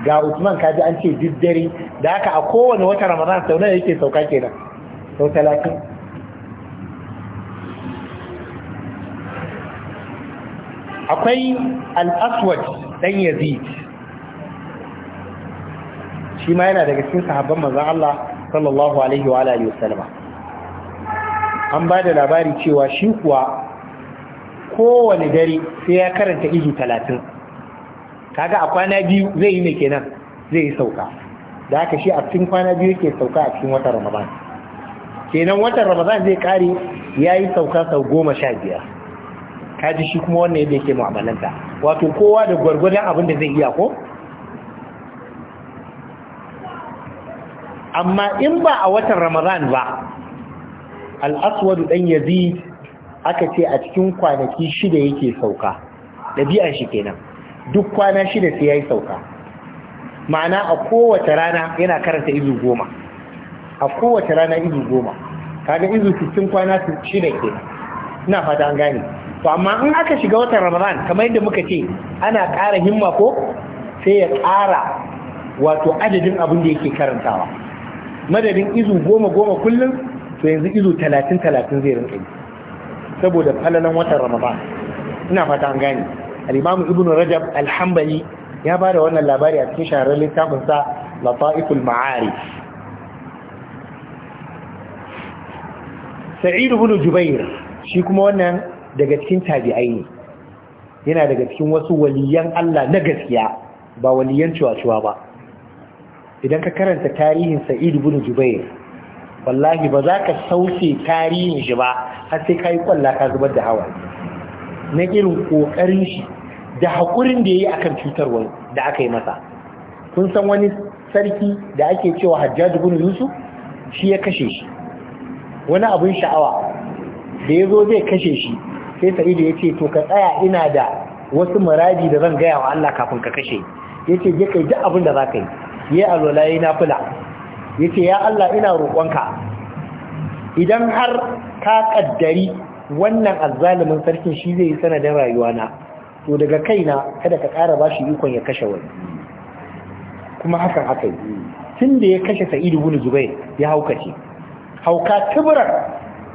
ga Usman ka ji an ce diddare da haka a kowane watan Ramadan sau nawa yake sauka kenan sau talatin akwai al-aswad dan yazid shi ma yana daga cikin sahabban manzon Allah sallallahu alaihi wa alihi wasallama an ba da labari cewa shi kuwa kowane dare sai ya karanta izu talatin kaga a kwana biyu zai yi mai kenan zai yi sauka da haka shi a cikin kwana biyu ke sauka a cikin watan ramadan kenan watan ramadan zai kare ya yi sauka sau goma sha biyar kaji shi kuma wannan yadda yake mu'amalanta wato kowa da gwargwadon abin da zai iya ko amma in ba a watan ramadan ba al'aswadu dan yazi aka ce a cikin kwanaki shida yake sauka ɗabi'a shi kenan duk kwana shida sai ya yi sauka ma'ana a kowace rana yana karanta izu goma a kowace rana izu goma kaga izu cikin kwana shida kenan ina fata an gane to amma in aka shiga watan ramadan kamar yadda muka ce ana ƙara himma ko sai ya ƙara wato adadin abin da yake karantawa madadin izu goma goma kullum to yanzu izu talatin talatin zai rinka yi saboda falalan watan ramadan ina fata an gane Alimamu ibn rajab alhambali, ya ba da wannan labari a cikin shahararren littafin sa lata'iful ma'arif Sa'idu bin jubair shi kuma wannan daga cikin tabi'ai ne yana daga cikin wasu waliyan Allah na gaskiya ba waliyan cuwa-cuwa ba idan ka karanta tarihin sa'id ibn jubair wallahi ba za ka sauke tarihin shi ba har sai ka yi kwalla ka zubar da hawa na irin kokarin shi da hakurin da ya yi akan cutarwar da aka yi masa kun san wani sarki da ake cewa hajjaj ibn yusuf shi ya kashe shi wani abin sha'awa da ya zo zai kashe shi sai sa'idu ya ce to ka tsaya ina da wasu muradi da zan gaya wa Allah kafin ka kashe ya ce je kai duk abin da za ka yi ya alola ya nafila ya ce ya Allah ina roƙonka idan har ka ƙaddari wannan azzalumin sarkin shi zai yi sanadin rayuwana to daga kaina kada ka ƙara ba shi ikon ya kashe wani kuma hakan haka yi tun da ya kashe sa'idu wani zubai ya haukace hauka tuburar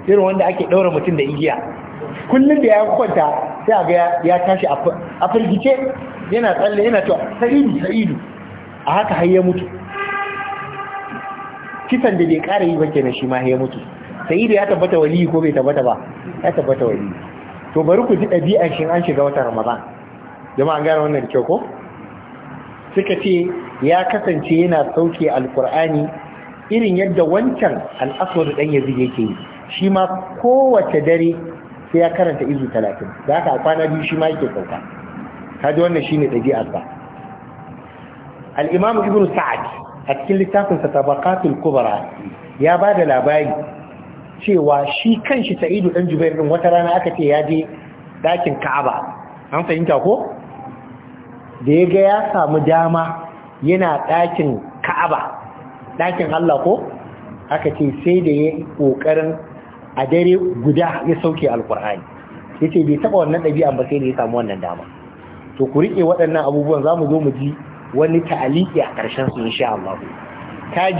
irin wanda ake ɗaura mutum da igiya kullum da ya kwanta sai a ga ya tashi a firgice yana tsalle yana to sa'idu sa'idu a haka har ya mutu kisan da bai kara yi ba kenan shi ma ya mutu sa'idu ya tabbata wali ko bai tabbata ba ya tabbata wali to bari ku ji ɗabi'ar shi an shiga wata ramadan jama'a gane wannan kyau ko suka ce ya kasance yana sauke alkur'ani irin yadda wancan al'asar ɗanyar zige yake yi shi ma kowace dare sai ya karanta izu talatin da haka a kwana biyu shi ma yake sauka kaji wannan shine ɗabi'arsa al-imam ibn sa'ad a cikin littafin sa tabaqatul kubra ya ba da labari cewa shi kanshi sa'idu ɗan jubair din wata rana aka ce ya je ɗakin ka'aba an fahimta ko da ya ga ya samu dama yana ɗakin ka'aba ɗakin Allah ko aka ce sai da ya ƙoƙarin. a dare guda ya sauke alkur'ani ya ce bai taɓa wannan ɗabi'a ba sai da ya samu wannan dama to ku riƙe waɗannan abubuwan za mu zo mu ji wani ta'aliki a ƙarshen su insha Allah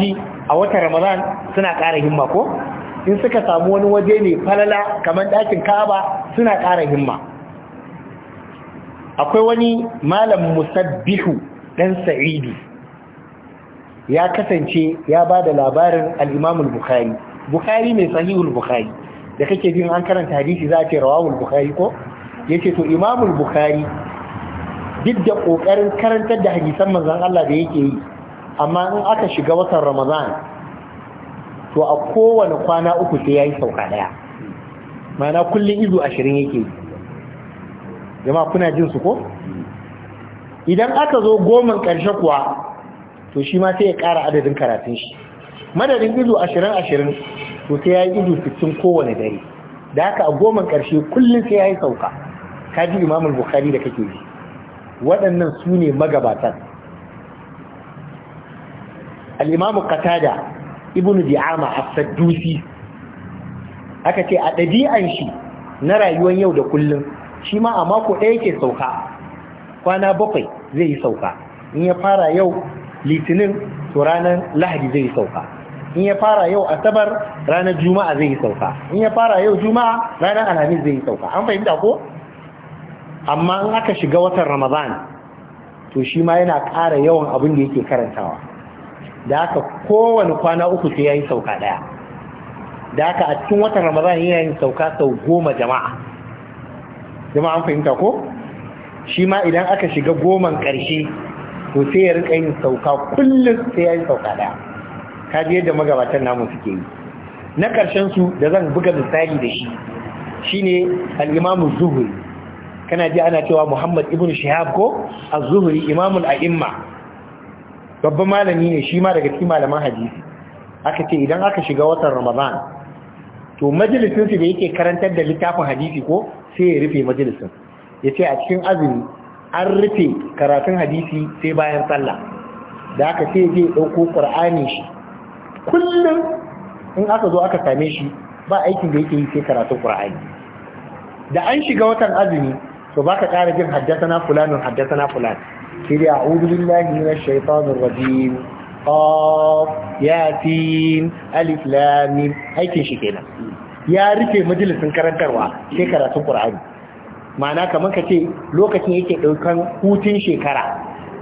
ji a watan Ramadan suna ƙara himma ko in suka samu wani waje ne falala kamar ɗakin Ka'aba suna ƙara himma akwai wani malam musabbihu dan Sa'idi ya kasance ya ba da labarin al-Imam al-Bukhari bukhari mai sahihul bukhari da kake jin an karanta hadisi za a ce rawahul bukhari ko yace to imamul bukhari duk da kokarin karantar da hadisan manzon Allah da yake yi amma in aka shiga watan ramadan to a kowane kwana uku sai yayi sauka daya ma'ana kullun izu 20 yake yi, jama'a kuna jin su ko idan aka zo goman karshe kuwa to shi ma sai ya kara adadin karatun shi madadin ido ashirin ashirin to sai ya yi ido fitin kowane dare da haka a goma ƙarshe kullum sai ya yi sauka ka ji imamun bukari da kake yi. waɗannan su ne magabatan al'imamu da ibnu di'ama a saddusi aka ce a ɗabi'an shi na rayuwar yau da kullum shi ma a mako ɗaya yake sauka kwana bakwai zai yi sauka in ya fara yau litinin to ranar lahadi zai yi sauka in ya fara yau asabar ranar juma'a zai yi sauka in ya fara yau juma'a ranar alhamis zai yi sauka an fahimta ko amma in aka shiga watan ramadan to shi ma yana ƙara yawan abin da yake karantawa da aka kowane kwana uku sai ya yi sauka ɗaya da aka a cikin watan ramadan yana yin sauka sau goma jama'a jama'a an fahimta ko shi ma idan aka shiga goman ƙarshe to sai ya rika yin sauka kullum sai ya yi sauka ɗaya kaji yadda magabatan namu suke yi na ƙarshen su da zan buga misali da shi shine al-imamu zuhri kana ji ana cewa muhammad ibn shihab ko az-zuhri imamul a'imma babban malami ne shi ma daga cikin malaman hadisi aka ce idan aka shiga watan ramadan to majalisinsu da yake karantar da littafin hadisi ko sai ya rufe majalisin ce a cikin azumi an rufe karatun hadisi sai bayan sallah da aka sai je ɗauko qur'ani shi kullum in aka zo aka same shi ba aikin da yake yi sai karatu qur'ani da an shiga watan azumi to baka kara jin haddathana fulanun haddathana fulan sai dai a'udhu billahi minash shaitanir rajim qaf yasin alif lam mim aikin shi kenan ya rike majalisin karantarwa sai karatu qur'ani ma'ana kamar ka ce lokacin yake ɗaukan hutun shekara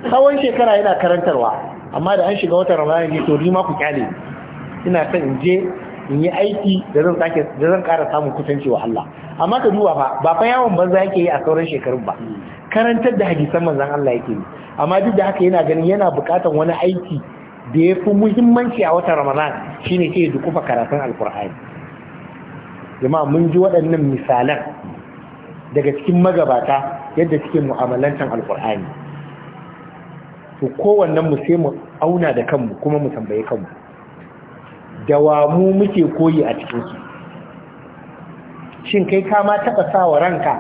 tsawon shekara yana karantarwa amma da an shiga watan ramadan ne to ni ma ku kyale ina son in je in yi aiki da zan sake da zan ƙara samun kusanci wa Allah amma ka duba fa ba fa yawon banza yake yi a sauran shekarun ba karantar da hadisan manzon Allah yake yi amma duk da haka yana ganin yana buƙatar wani aiki da ya fi muhimmanci a watan Ramadan shine sai ya dukufa karatun Alkur'ani jama'a mun ji waɗannan misalan daga cikin magabata yadda suke mu'amalantar Alkur'ani to kowannen mu sai mu auna da kanmu kuma mu tambaye kanmu Da dawamu muke koyi a cikinsu shin kai kama taɓa sawa ranka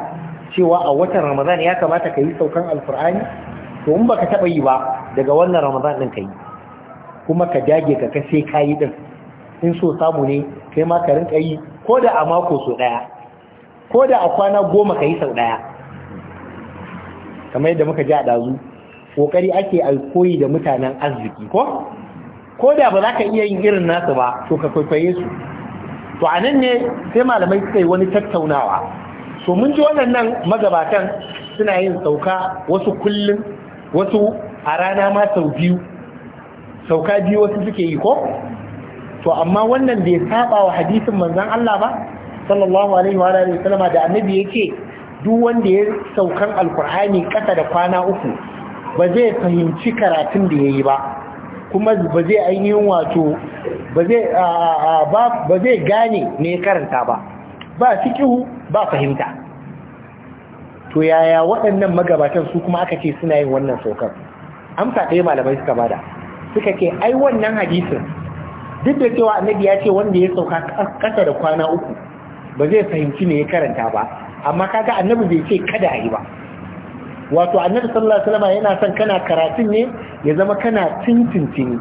cewa a watan ramadan ya kamata ka yi saukan alkur'ani to in baka taɓa yi ba daga wannan ramadan ɗin ka yi kuma ka dage ka kasai ka yi ɗin in so samu ne kai ma ka rinka yi ko da a mako so ɗaya ko da a kwana goma ka yi sau ɗaya kamar yadda muka ji a ɗazu ƙoƙari ake alkoyi da mutanen arziki ko ko da ba za ka iya yin irin nasu ba to ka kwaifaye su to a nan ne sai malamai suka yi wani tattaunawa to mun ji waɗannan magabatan suna yin sauka wasu kullum wasu a rana ma sau biyu sauka biyu wasu suke yi ko to amma wannan bai saba wa hadisin manzon Allah ba sallallahu alaihi wa alihi wasallam da annabi yake duk wanda ya saukan alkur'ani kasa da kwana uku ba zai fahimci karatun da yayi ba kuma ba zai ainihin wato ba zai gane ne karanta ba ba fikihu ba fahimta to yaya waɗannan magabatan su kuma aka ce suna yin wannan saukar amsa ɗaya malamai suka bada suka ce ai wannan hadisin duk da cewa annabi ya ce wanda ya sauka ƙasa da kwana uku ba zai fahimci ne ya karanta ba amma kaga annabi bai ce kada a yi ba wato annabi sallallahu alaihi wasallam yana son kana karatun ne ya zama kana tintintini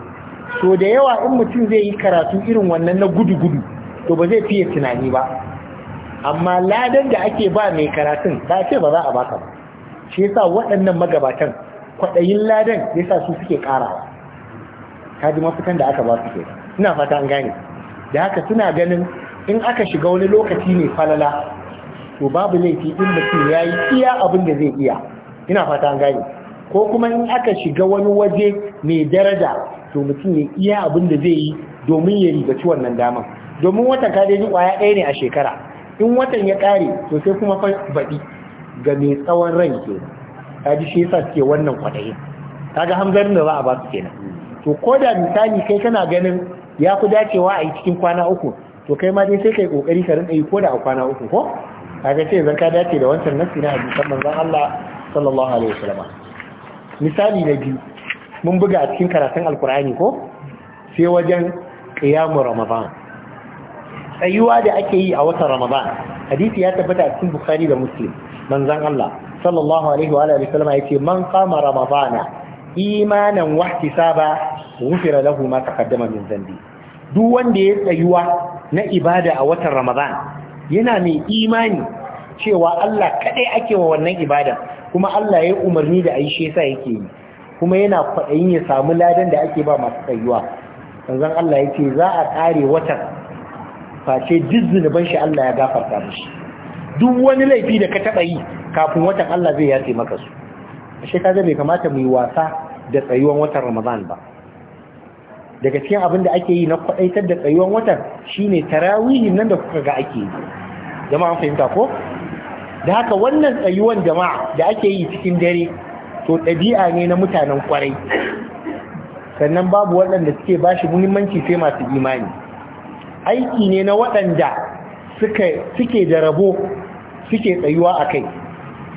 so da yawa in mutum zai yi karatu irin wannan na gudu-gudu to ba zai fiye tunani ba amma ladan da ake ba mai karatun ba ce ba za a baka ba shi yasa waɗannan magabatan kwaɗayin ladan yasa su suke ƙarawa ta ji mafitan da aka ba su ke ina fata an gane da haka suna ganin in aka shiga wani lokaci ne falala to babu laifi in mutum ya yi iya abin da zai iya ina fata an gane ko kuma in aka shiga wani waje mai daraja to mutum ya iya abin da zai yi domin ya ribaci wannan daman domin watan ka dai kwaya ɗaya ne a shekara in watan ya kare to sai kuma fa baɗi ga mai tsawon ran ke ta ji shi yasa suke wannan kwaɗayi kaga hamzarin da za a ba su kenan to ko da misali kai kana ganin ya ku dacewa a yi cikin kwana uku to kai ma dai sai kai kokari ka rinka yi ko da a kwana uku ko kaga sai zan ka dace da wancan nasi na hadisan manzon Allah sallallahu alaihi wasallam misali na biyu mun buga a cikin karatun alkur'ani ko sai wajen qiyamu ramadan tsayuwa da ake yi a watan ramadan hadisi ya tabbata a cikin bukhari da muslim manzon Allah sallallahu alaihi wa alihi wasallam yace man qama ramadana imanan wa ihtisaba ghufira lahu ma taqaddama min dhanbi duk wanda ya tsayuwa na ibada a watan ramadan yana mai imani cewa Allah kadai ake wa wannan ibada kuma Allah ya umarni da ayi shi yasa yake yi kuma yana kwaɗayin ya samu ladan da ake ba masu tsayuwa sanzan Allah ya ce za a ƙare watan face duk zunuban shi Allah ya gafarta mishi duk wani laifi da ka taɓa yi kafin watan Allah zai yace maka su ashe kaga bai kamata mu yi wasa da tsayuwan watan Ramadan ba daga cikin abin da ake yi na kwaɗaitar da tsayuwan watan shine tarawihin nan da kuka ga ake yi jama'an fahimta ko da haka wannan tsayuwan jama'a da ake yi cikin dare to ɗabi'a ne na mutanen kwarai sannan babu waɗanda suke ba shi muhimmanci sai masu imani aiki ne na waɗanda suke da rabo suke tsayuwa a kai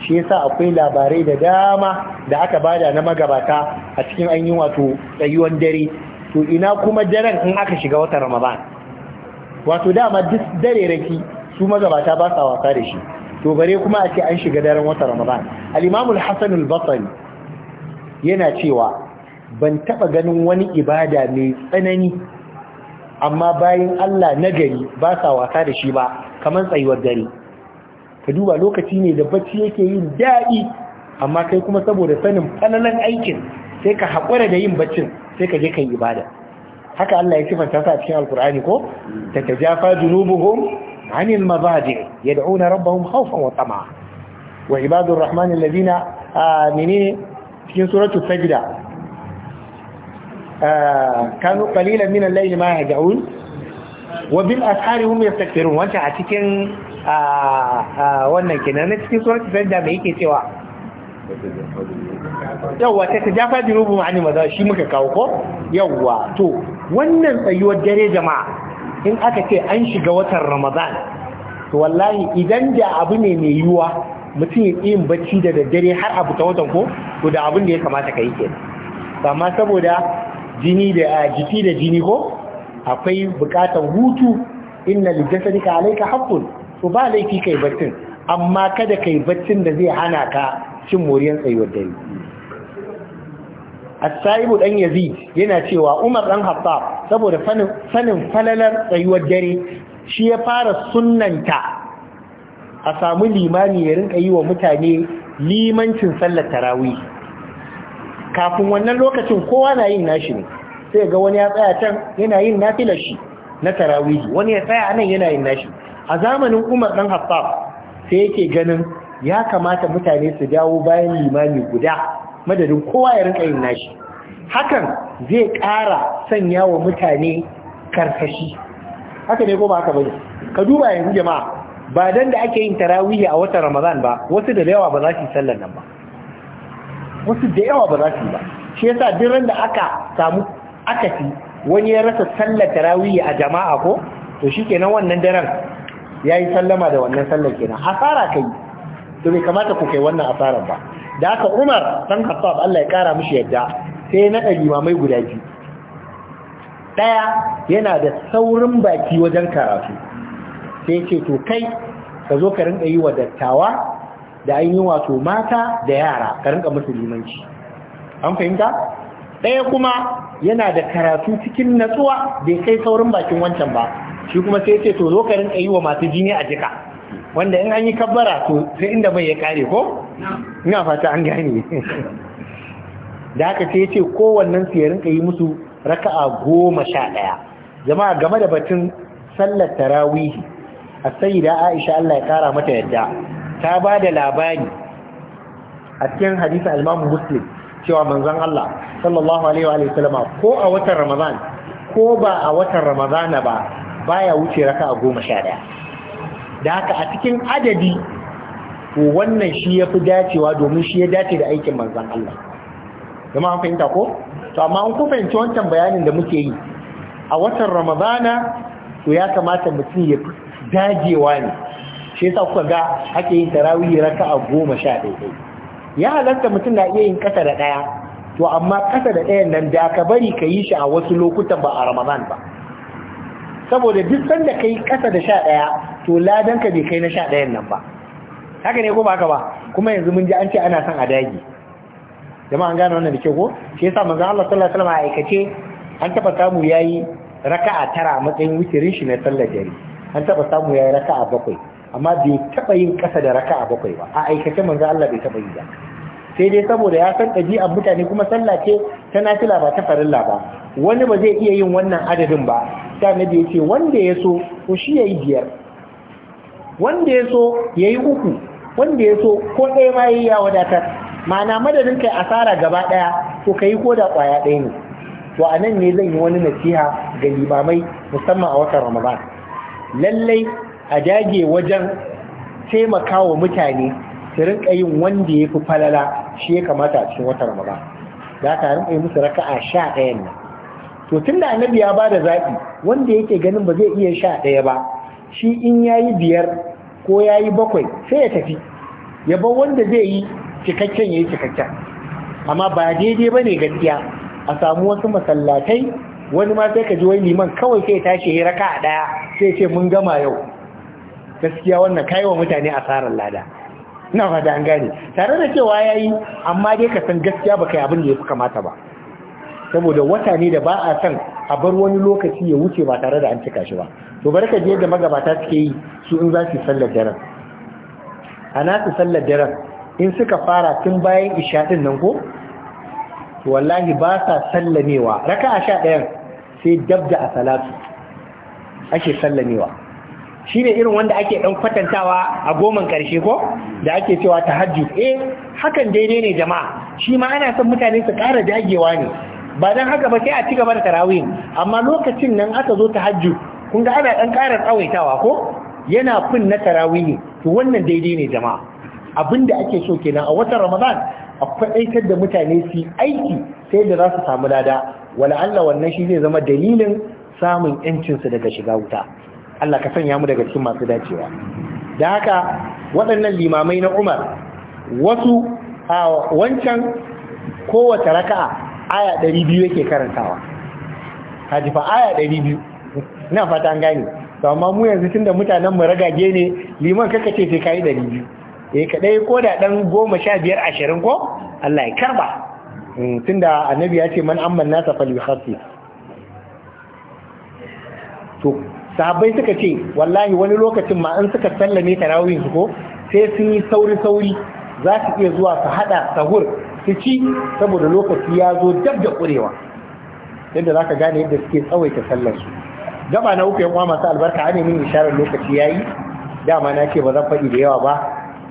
shi yasa akwai labarai da dama da aka bada na magabata a cikin an yi wato tsayuwan dare to ina kuma daren in aka shiga wata ramadan wato dama duk dare raki su magabata ba sa wasa da shi to bare kuma a ce an shiga daren wata ramadan al-imamu al-hasan al-basri yana cewa ban taba ganin wani ibada mai tsanani amma bayan Allah nagari ba sa wasa da shi ba kamar tsayuwar dare ka duba lokaci ne da bacci yake yin daɗi amma kai kuma saboda sanin fananan aikin sai ka hakura da yin baccin sai ka je ka ibada haka Allah ya sifanta ta a cikin alkur'ani ko ta tajafa junubuhum anil mazaji yad'una rabbahum khawfan wa tama wa ibadur rahman alladhina aminin ah, cikin suratul sajda ah, kanu qalilan min al-layli ma yahjaun wa bil ashari hum yastakbirun wanda a cikin ah, wannan kenan cikin suratul sajda me yake cewa yawwa ta ta jafa jirubu ma'ani maza shi muka kawo ko yawwa to wannan tsayuwar dare jama'a in aka ce an shiga watan ramadan to wallahi idan da abu ne mai yiwuwa mutum ya yin bacci da daddare har abu ta watan ko to da abin da ya kamata ka yi ke amma saboda jini da jiki da jini ko akwai bukatar hutu inna lijasadika alayka haqqun to ba laifi kai baccin amma kada ka yi baccin da zai hana ka cin moriyar tsayuwar dare as-sa'ibu ɗan yazid yana cewa umar dan haffa saboda sanin falalar tsayuwar dare shi ya fara sunanta a samu limani ya rinka yi wa mutane limancin sallar tarawi kafin wannan lokacin kowa na yin nashi ne sai ga wani ya tsaya can yana yin nafilar shi na tarawi wani ya tsaya nan yana yin nashi a zamanin Umar dan Haffaf sai yake ganin ya kamata mutane su dawo bayan limami guda madadin kowa ya rinka yin nashi hakan zai ƙara sanya wa mutane karkashi haka ne ko ba haka bane ka duba yanzu jama'a ba dan da ake yin tarawih a watan Ramadan ba wasu da yawa ba za su yi sallar nan ba wasu da yawa ba za su yi ba shi yasa duk ran da aka samu akasi wani ya rasa sallar tarawih a jama'a ko to shikenan wannan daren ya yi sallama da wannan sallar kenan asara kai to bai kamata ku kai wannan asarar ba da haka Umar san Khattab Allah ya kara mishi yadda sai ya naɗa limamai guda biyu ɗaya yana da saurin baki wajen karatu sai ce to kai ka zo ka rinka yi wa dattawa da an wato mata da yara ka rinka musu limanci an fahimta ɗaya kuma yana da karatu cikin natsuwa bai kai saurin bakin wancan ba shi kuma sai ce to zo ka rinka yi wa masu jini a jika wanda in an yi kabbara to sai inda bai ya kare ko ina fata an gane da haka sai ce kowannen su ya rinka yi musu raka'a goma sha ɗaya jama'a game da batun sallar tarawihi a sayyida aisha Allah ya kara mata yadda ta ba da labari a cikin hadisa al-Imam cewa manzon Allah sallallahu alaihi wa sallama ko a watan Ramadan ko ba a watan Ramadan ba baya wuce raka a goma sha ɗaya da haka a cikin adadi to wannan shi ya fi dacewa domin shi ya dace da aikin manzon Allah jama'a an fahimta ko to amma an ku fahimci wancan bayanin da muke yi a watan Ramadana to ya kamata mutum ya dajewa ne shi yasa kuka ga ake yin tarawih raka'a goma sha ɗaya ya halarta mutum na iya yin kasa da ɗaya to amma kasa da ɗayan nan da ka bari ka yi shi a wasu lokutan ba a ramadan ba saboda duk sanda ka yi kasa da sha ɗaya to ladan ka bai kai na sha ɗayan nan ba haka ne ko ba haka ba kuma yanzu mun ji an ce ana son a dagi jama'a an gane wannan da ke ko shi yasa manzo Allah sallallahu alaihi wasallam a aikace an taba samu yayi raka'a tara a matsayin witirin shi na sallar dare an taba samu yayi raka'a bakwai amma bai taba yin kasa da raka'a bakwai ba a aikace manzo Allah bai taba yi ba sai dai saboda ya san ɗabi'ar mutane kuma sallah ce ta nafila ba ta farilla ba wani ba zai iya yin wannan adadin ba ta nabi ya ce wanda ya so ko shi ya yi biyar wanda ya so ya yi uku wanda ya so ko ɗaya ma ya yi ya wadatar ma'ana madadin kai asara gaba ɗaya ka kai ko da ƙwaya ɗaya ne to a nan ne zan yi wani nasiha ga limamai musamman a watan ramadan lallai a dage wajen taimakawa mutane su rinka yin wanda ya fi falala shi ya kamata a cikin wata ramadan da aka rinka yi musu raka'a sha ɗayan nan to tun da annabi ya bada zaɓi wanda yake ganin ba zai iya sha ɗaya ba shi in ya yi biyar ko ya yi bakwai sai ya tafi ya bar wanda zai yi cikakken ya yi cikakken amma ba daidai ba ne gaskiya a samu wasu masallatai wani ma sai ka ji wai liman kawai sai tashi ya raka a ɗaya sai ce mun gama yau gaskiya wannan kai wa mutane asarar lada ina fada an gane tare da cewa yayi amma dai ka san gaskiya baka yi abin da ya fi kamata ba saboda wata ne da ba a san a bar wani lokaci ya wuce ba tare da an cika shi ba to bari ka je da magabata suke yi su in za su sallar daren a su sallar daren in suka fara tun bayan isha nan ko to wallahi ba sa sallamewa raka a sha ɗayan sai dabda a salatu ake sallamewa shine irin wanda ake dan kwatantawa a goman karshe ko da ake cewa tahajjud eh hakan daidai ne jama'a shi ma ana son mutane su ƙara dagewa ne ba dan haka ba sai a ci gaba da tarawih amma lokacin nan aka zo tahajjud kun ga ana ɗan ƙara tsawaitawa ko yana fin na tarawih to wannan daidai ne jama'a abinda ake so kenan a watan Ramadan a kwaɗaitar da mutane su aiki sai da za su samu lada wala'alla wannan shi zai zama dalilin samun 'yancinsu daga shiga wuta Allah ka sanya mu daga cikin masu dacewa da haka waɗannan limamai na Umar wasu a wancan kowace raka'a aya 200 yake karantawa haji fa aya 200 ina fata an gane to amma mu yanzu tunda mutanen mu ragage ne liman kaka ce sai kai 200 eh kadai ko da dan 15 20 ko Allah ya karba mm, tunda annabi ya ce man amman nasa falyukhaffi to sahabbai suka ce wallahi wani lokacin ma in suka sallame tarawihin su ko sai sun yi sauri sauri za su iya zuwa su hada sahur su ci saboda lokaci ya zo dab da kurewa yadda za ka gane yadda suke tsawaita sallar su gaba na uku ya masu albarka an min isharar lokaci ya yayi dama na ce ba zan faɗi da yawa ba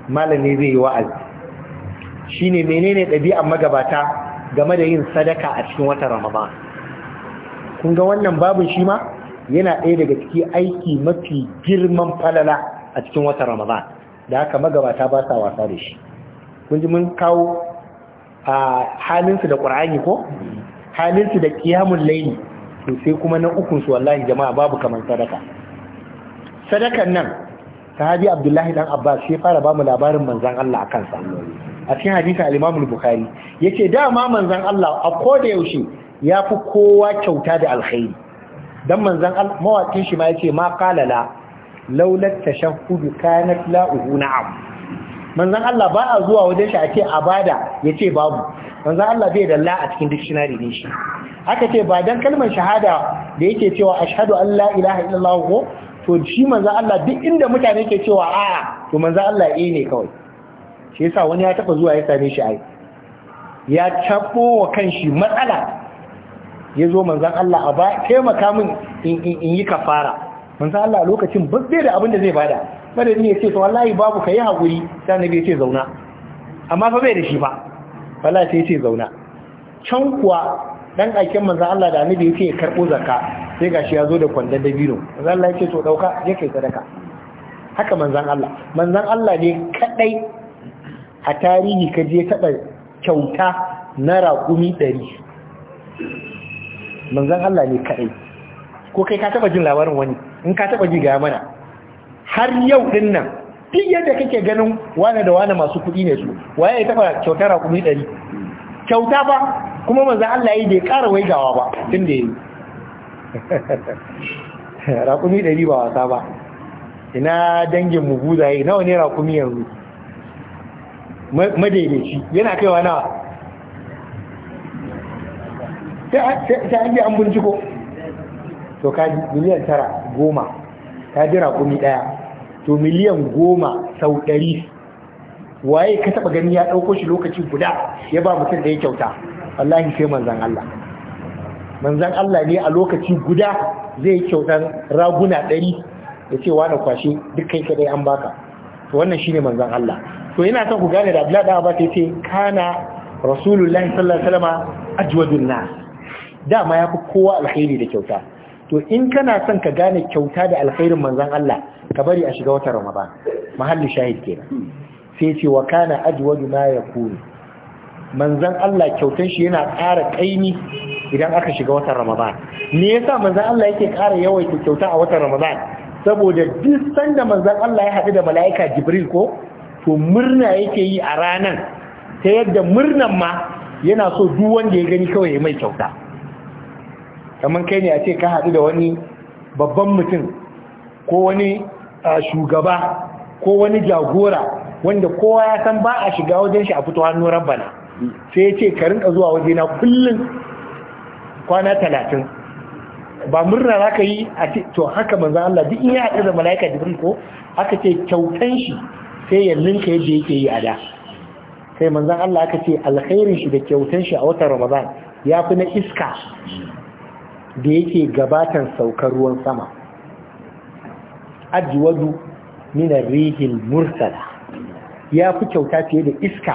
malam ne zai yi wa'azi shine menene ɗabi'ar magabata game da yin sadaka a cikin watan ramadan kun ga wannan babu shi ma yana ɗaya daga ciki aiki mafi girman falala a cikin watan ramadan da haka magabata ba sa wasa da shi kun ji mun kawo a halinsu da ƙur'ani ko halinsu da kiyamun laini to sai kuma na ukunsu wallahi jama'a babu kamar sadaka sadakan nan ta haji abdullahi dan abbas ya fara bamu labarin manzan allah a kansa a cikin hadisi al-imam al-bukhari yace dama manzan allah a koda yaushe ya fi kowa kyauta da alkhairi dan manzan mawakin shi ma yace ma qala la laula tashahhudu kanat la abu. Manzan Allah ba a zuwa wajen shi a ce abada yace babu Manzan Allah bai da a cikin dictionary din shi aka ce ba dan kalmar shahada da yake cewa ashhadu an la ilaha illallah ko to shi manzan Allah duk inda mutane ke cewa a to manzan Allah eh ne kawai shi yasa wani ya taba zuwa ya same shi ai ya tabo wa kanshi matsala ya zo manzan Allah a ba taimaka min in yi kafara manzan Allah lokacin ba zai da abin da zai bada bada ya ce to wallahi babu ka yi haƙuri sai annabi ya ce zauna amma fa bai da shi ba wallahi sai ya ce zauna can kuwa dan aikin manzan Allah da annabi ya ce karɓo zakka sai gashi ya zo da kwandon dabino manzan Allah ya ce to dauka ya kai sadaka haka manzan Allah manzan Allah ne kadai a tarihi ka je taɓa kyauta na raƙumi ɗari manzan Allah ne kaɗai ko kai ka taɓa jin labarin wani in ka taɓa ji ga mana har yau ɗin nan duk yadda kake ganin wane da wane masu kuɗi ne su waye ya taɓa kyautar raƙumi ɗari kyauta ba kuma manzan Allah ya bai ƙara waigawa ba tun da ya yi raƙumi ɗari ba wasa ba ina dangin mu buzaye nawa ne raƙumi yanzu madaidaici yana kaiwa nawa sai an je an binciko to ka miliyan tara goma ta ji raƙumi ɗaya to miliyan goma sau ɗari waye ka taɓa gani ya ɗauko shi lokaci guda ya ba mutum da ya kyauta wallahi sai manzan Allah manzan Allah ne a lokaci guda zai kyauta raguna ɗari ya ce wani kwashe duk kai kadai an baka to wannan shine manzan Allah to yana son ku gane da Abdullahi ba sai yace kana Rasulullahi sallallahu alaihi wasallam ajwadun nas dama ya fi kowa alkhairi da kyauta to in kana son ka gane kyauta da alkhairin manzan Allah ka bari a shiga watan Ramadan mahalli shahid kenan sai ce wa kana ajwadu ma yakunu manzan Allah kyautan shi yana ƙara kaini idan aka shiga watan Ramadan me yasa manzan Allah yake ƙara yawaita kyauta a watan Ramadan saboda duk sanda manzan Allah ya haɗu da mala'ika Jibril ko to murna yake yi a ranan ta yadda murnan ma yana so duk wanda ya gani kawai ya mai kyauta kamar kai ne a ce ka haɗu da wani babban mutum ko wani shugaba ko wani jagora wanda kowa ya san ba a shiga wajen shi a fito hannun rabbana sai ya ce ka rinka zuwa na kullum kwana talatin ba murna za ka yi a to haka manzan Allah duk in ya haɗu da mala'ika jibril ko aka ce kyautan shi sai ya linka yadda yake yi a da sai manzan Allah aka ce alkhairin shi da kyautan shi a watan ramadan ya fi na iska da yake gabatan saukar ruwan sama ajwadu min ar mursala ya fi kyauta fiye da iska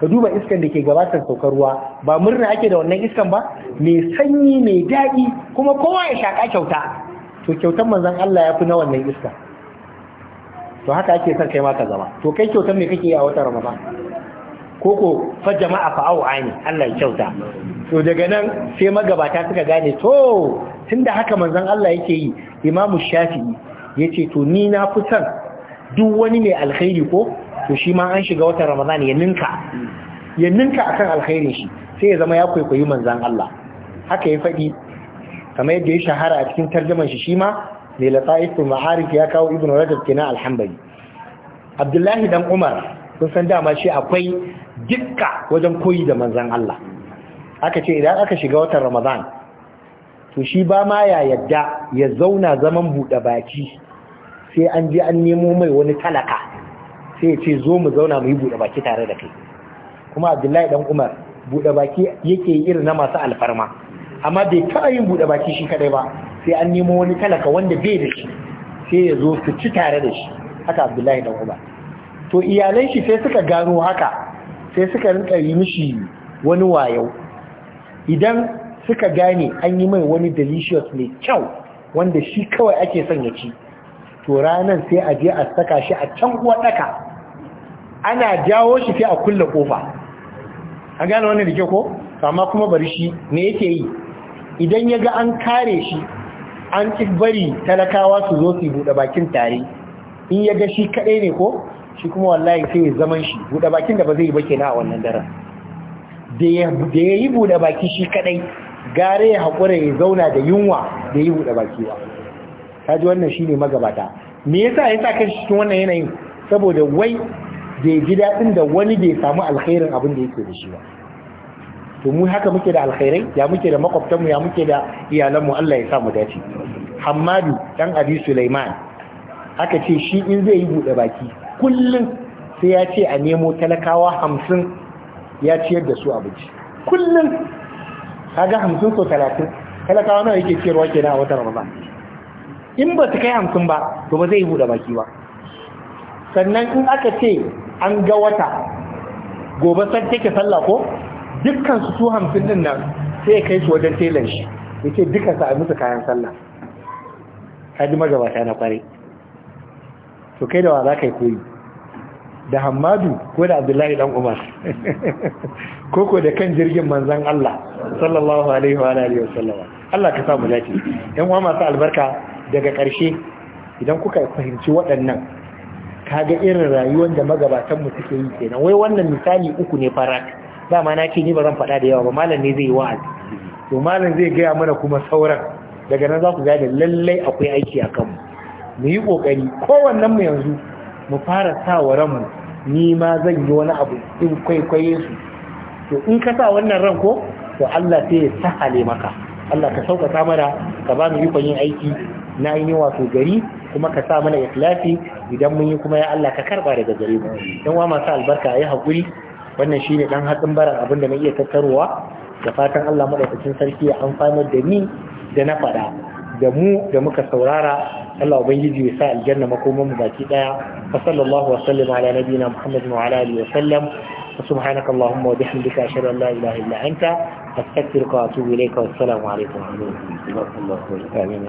ka duba iskan da ke gabatan saukar ruwa ba murna ake da wannan iskan ba mai sanyi mai daɗi kuma kowa ya shaƙa kyauta to kyautan manzan Allah ya fi na wannan iska to haka ake son kai maka zama to kai kyautan me kake yi a watan Ramadan Ko fa jama'a fa au'ani Allah ya kyauta to daga nan sai magabata suka gane to tunda haka manzon Allah yake yi imamu shafi'i yace to ni na fi son duk wani mai alkhairi ko to shi ma an shiga watan ramadan ya ninka ya ninka akan alkhairin shi sai ya zama ya kwaikwayi manzon Allah haka ya faɗi kamar yadda ya shahara a cikin tarjaman shi shi mai lata'ifin ma'arif ya kawo ibn rajab kenan alhambali abdullahi dan umar kun san dama shi akwai dukka wajen koyi da manzon Allah aka ce idan aka shiga watan ramadan to shi ba ma ya yadda ya zauna zaman buɗe baki sai an je an nemo mai wani talaka sai ya ce zo mu zauna mu yi buɗe baki tare da kai kuma abdullahi dan umar buɗe baki yake yi irin na masu alfarma amma bai taɓa yin buɗe baki shi kadai ba sai an nemo wani talaka wanda bai da shi sai ya zo su ci tare da shi haka abdullahi dan umar to iyalan shi sai suka gano haka sai suka rinka yi mishi wani wayo idan suka gane an yi mai wani delicious mai kyau wanda shi kawai ake son ya ci to ranar sai a je a saka shi a can kuwa daka ana jawo shi sai a kulle kofa an gane wannan da ke ko amma kuma bari shi me yake yi idan ya ga an kare shi an ki bari talakawa su zo su buɗe bakin tare in ya ga shi kaɗai ne ko shi kuma wallahi sai ya zaman shi buɗe bakin da ba zai yi ba kenan a wannan daren da ya yi buɗe baki shi kaɗai, gare ya haƙura ya zauna da yunwa da ya yi buɗe baki ba ta ji wannan ne magabata me yasa ya sa kan cikin wannan yanayin saboda wai da ya ji daɗin da wani bai samu alkhairin abin da yake da shi ba to mu haka muke da alkhairai ya muke da makwabtanmu ya muke da iyalanmu Allah ya sa mu dace Hammadu dan Abi Sulaiman aka ce shi in zai yi buɗe baki kullum sai ya ce a nemo talakawa hamsin ya ciyar da su abinci kullum ga hamsin so talatin talakawa nawa yake ciyarwa kenan a watan ramadan in ba su kai hamsin ba to ba zai yi buɗe baki ba sannan in aka ce an ga wata gobe san take sallah ko dukkan su su hamsin din nan sai kai su wajen telan shi ya ce dukkan su a musu kayan sallah ka ji ta na kware to kai da wa za ka yi koyi da hamadu ko da abdullahi dan umar Ko da kan jirgin manzan Allah sallallahu alaihi wa alihi sallam Allah ka samu dace ɗan uwa masu albarka daga ƙarshe idan kuka fahimci waɗannan kaga irin rayuwar da magabatan mu suke yi kenan wai wannan misali uku ne farak ma na ce ni ba zan faɗa da yawa ba malam ne zai yi wa'azi to malam zai gaya mana kuma sauran daga nan za ku gane lallai akwai aiki a kanmu mu yi ƙoƙari kowannen mu yanzu mu fara sa wa ranmu ni ma zan yi wani abu in kwaikwaye su to in ka sa wannan ran ko to Allah sai ya sahale maka Allah ka sauƙaƙa mana ka ba mu ikon yin aiki na yi wato gari kuma ka sa mana ikhlasi idan mun yi kuma ya Allah ka karba daga gare mu dan wa masu albarka yi hakuri wannan shine dan hatsin baran abin da na iya tattarowa da fatan Allah madaukakin sarki ya amfanar da ni da na fada da mu da muka saurara Allah ubangiji ya sa aljanna makoman mu baki daya fa sallallahu wa sallama ala nabiyina Muhammad wa ala alihi wa sallam subhanaka allahumma wa bihamdika ashhadu an la ilaha illa anta astaghfiruka wa atubu ilayka wa assalamu alaikum wa rahmatullahi wa barakatuh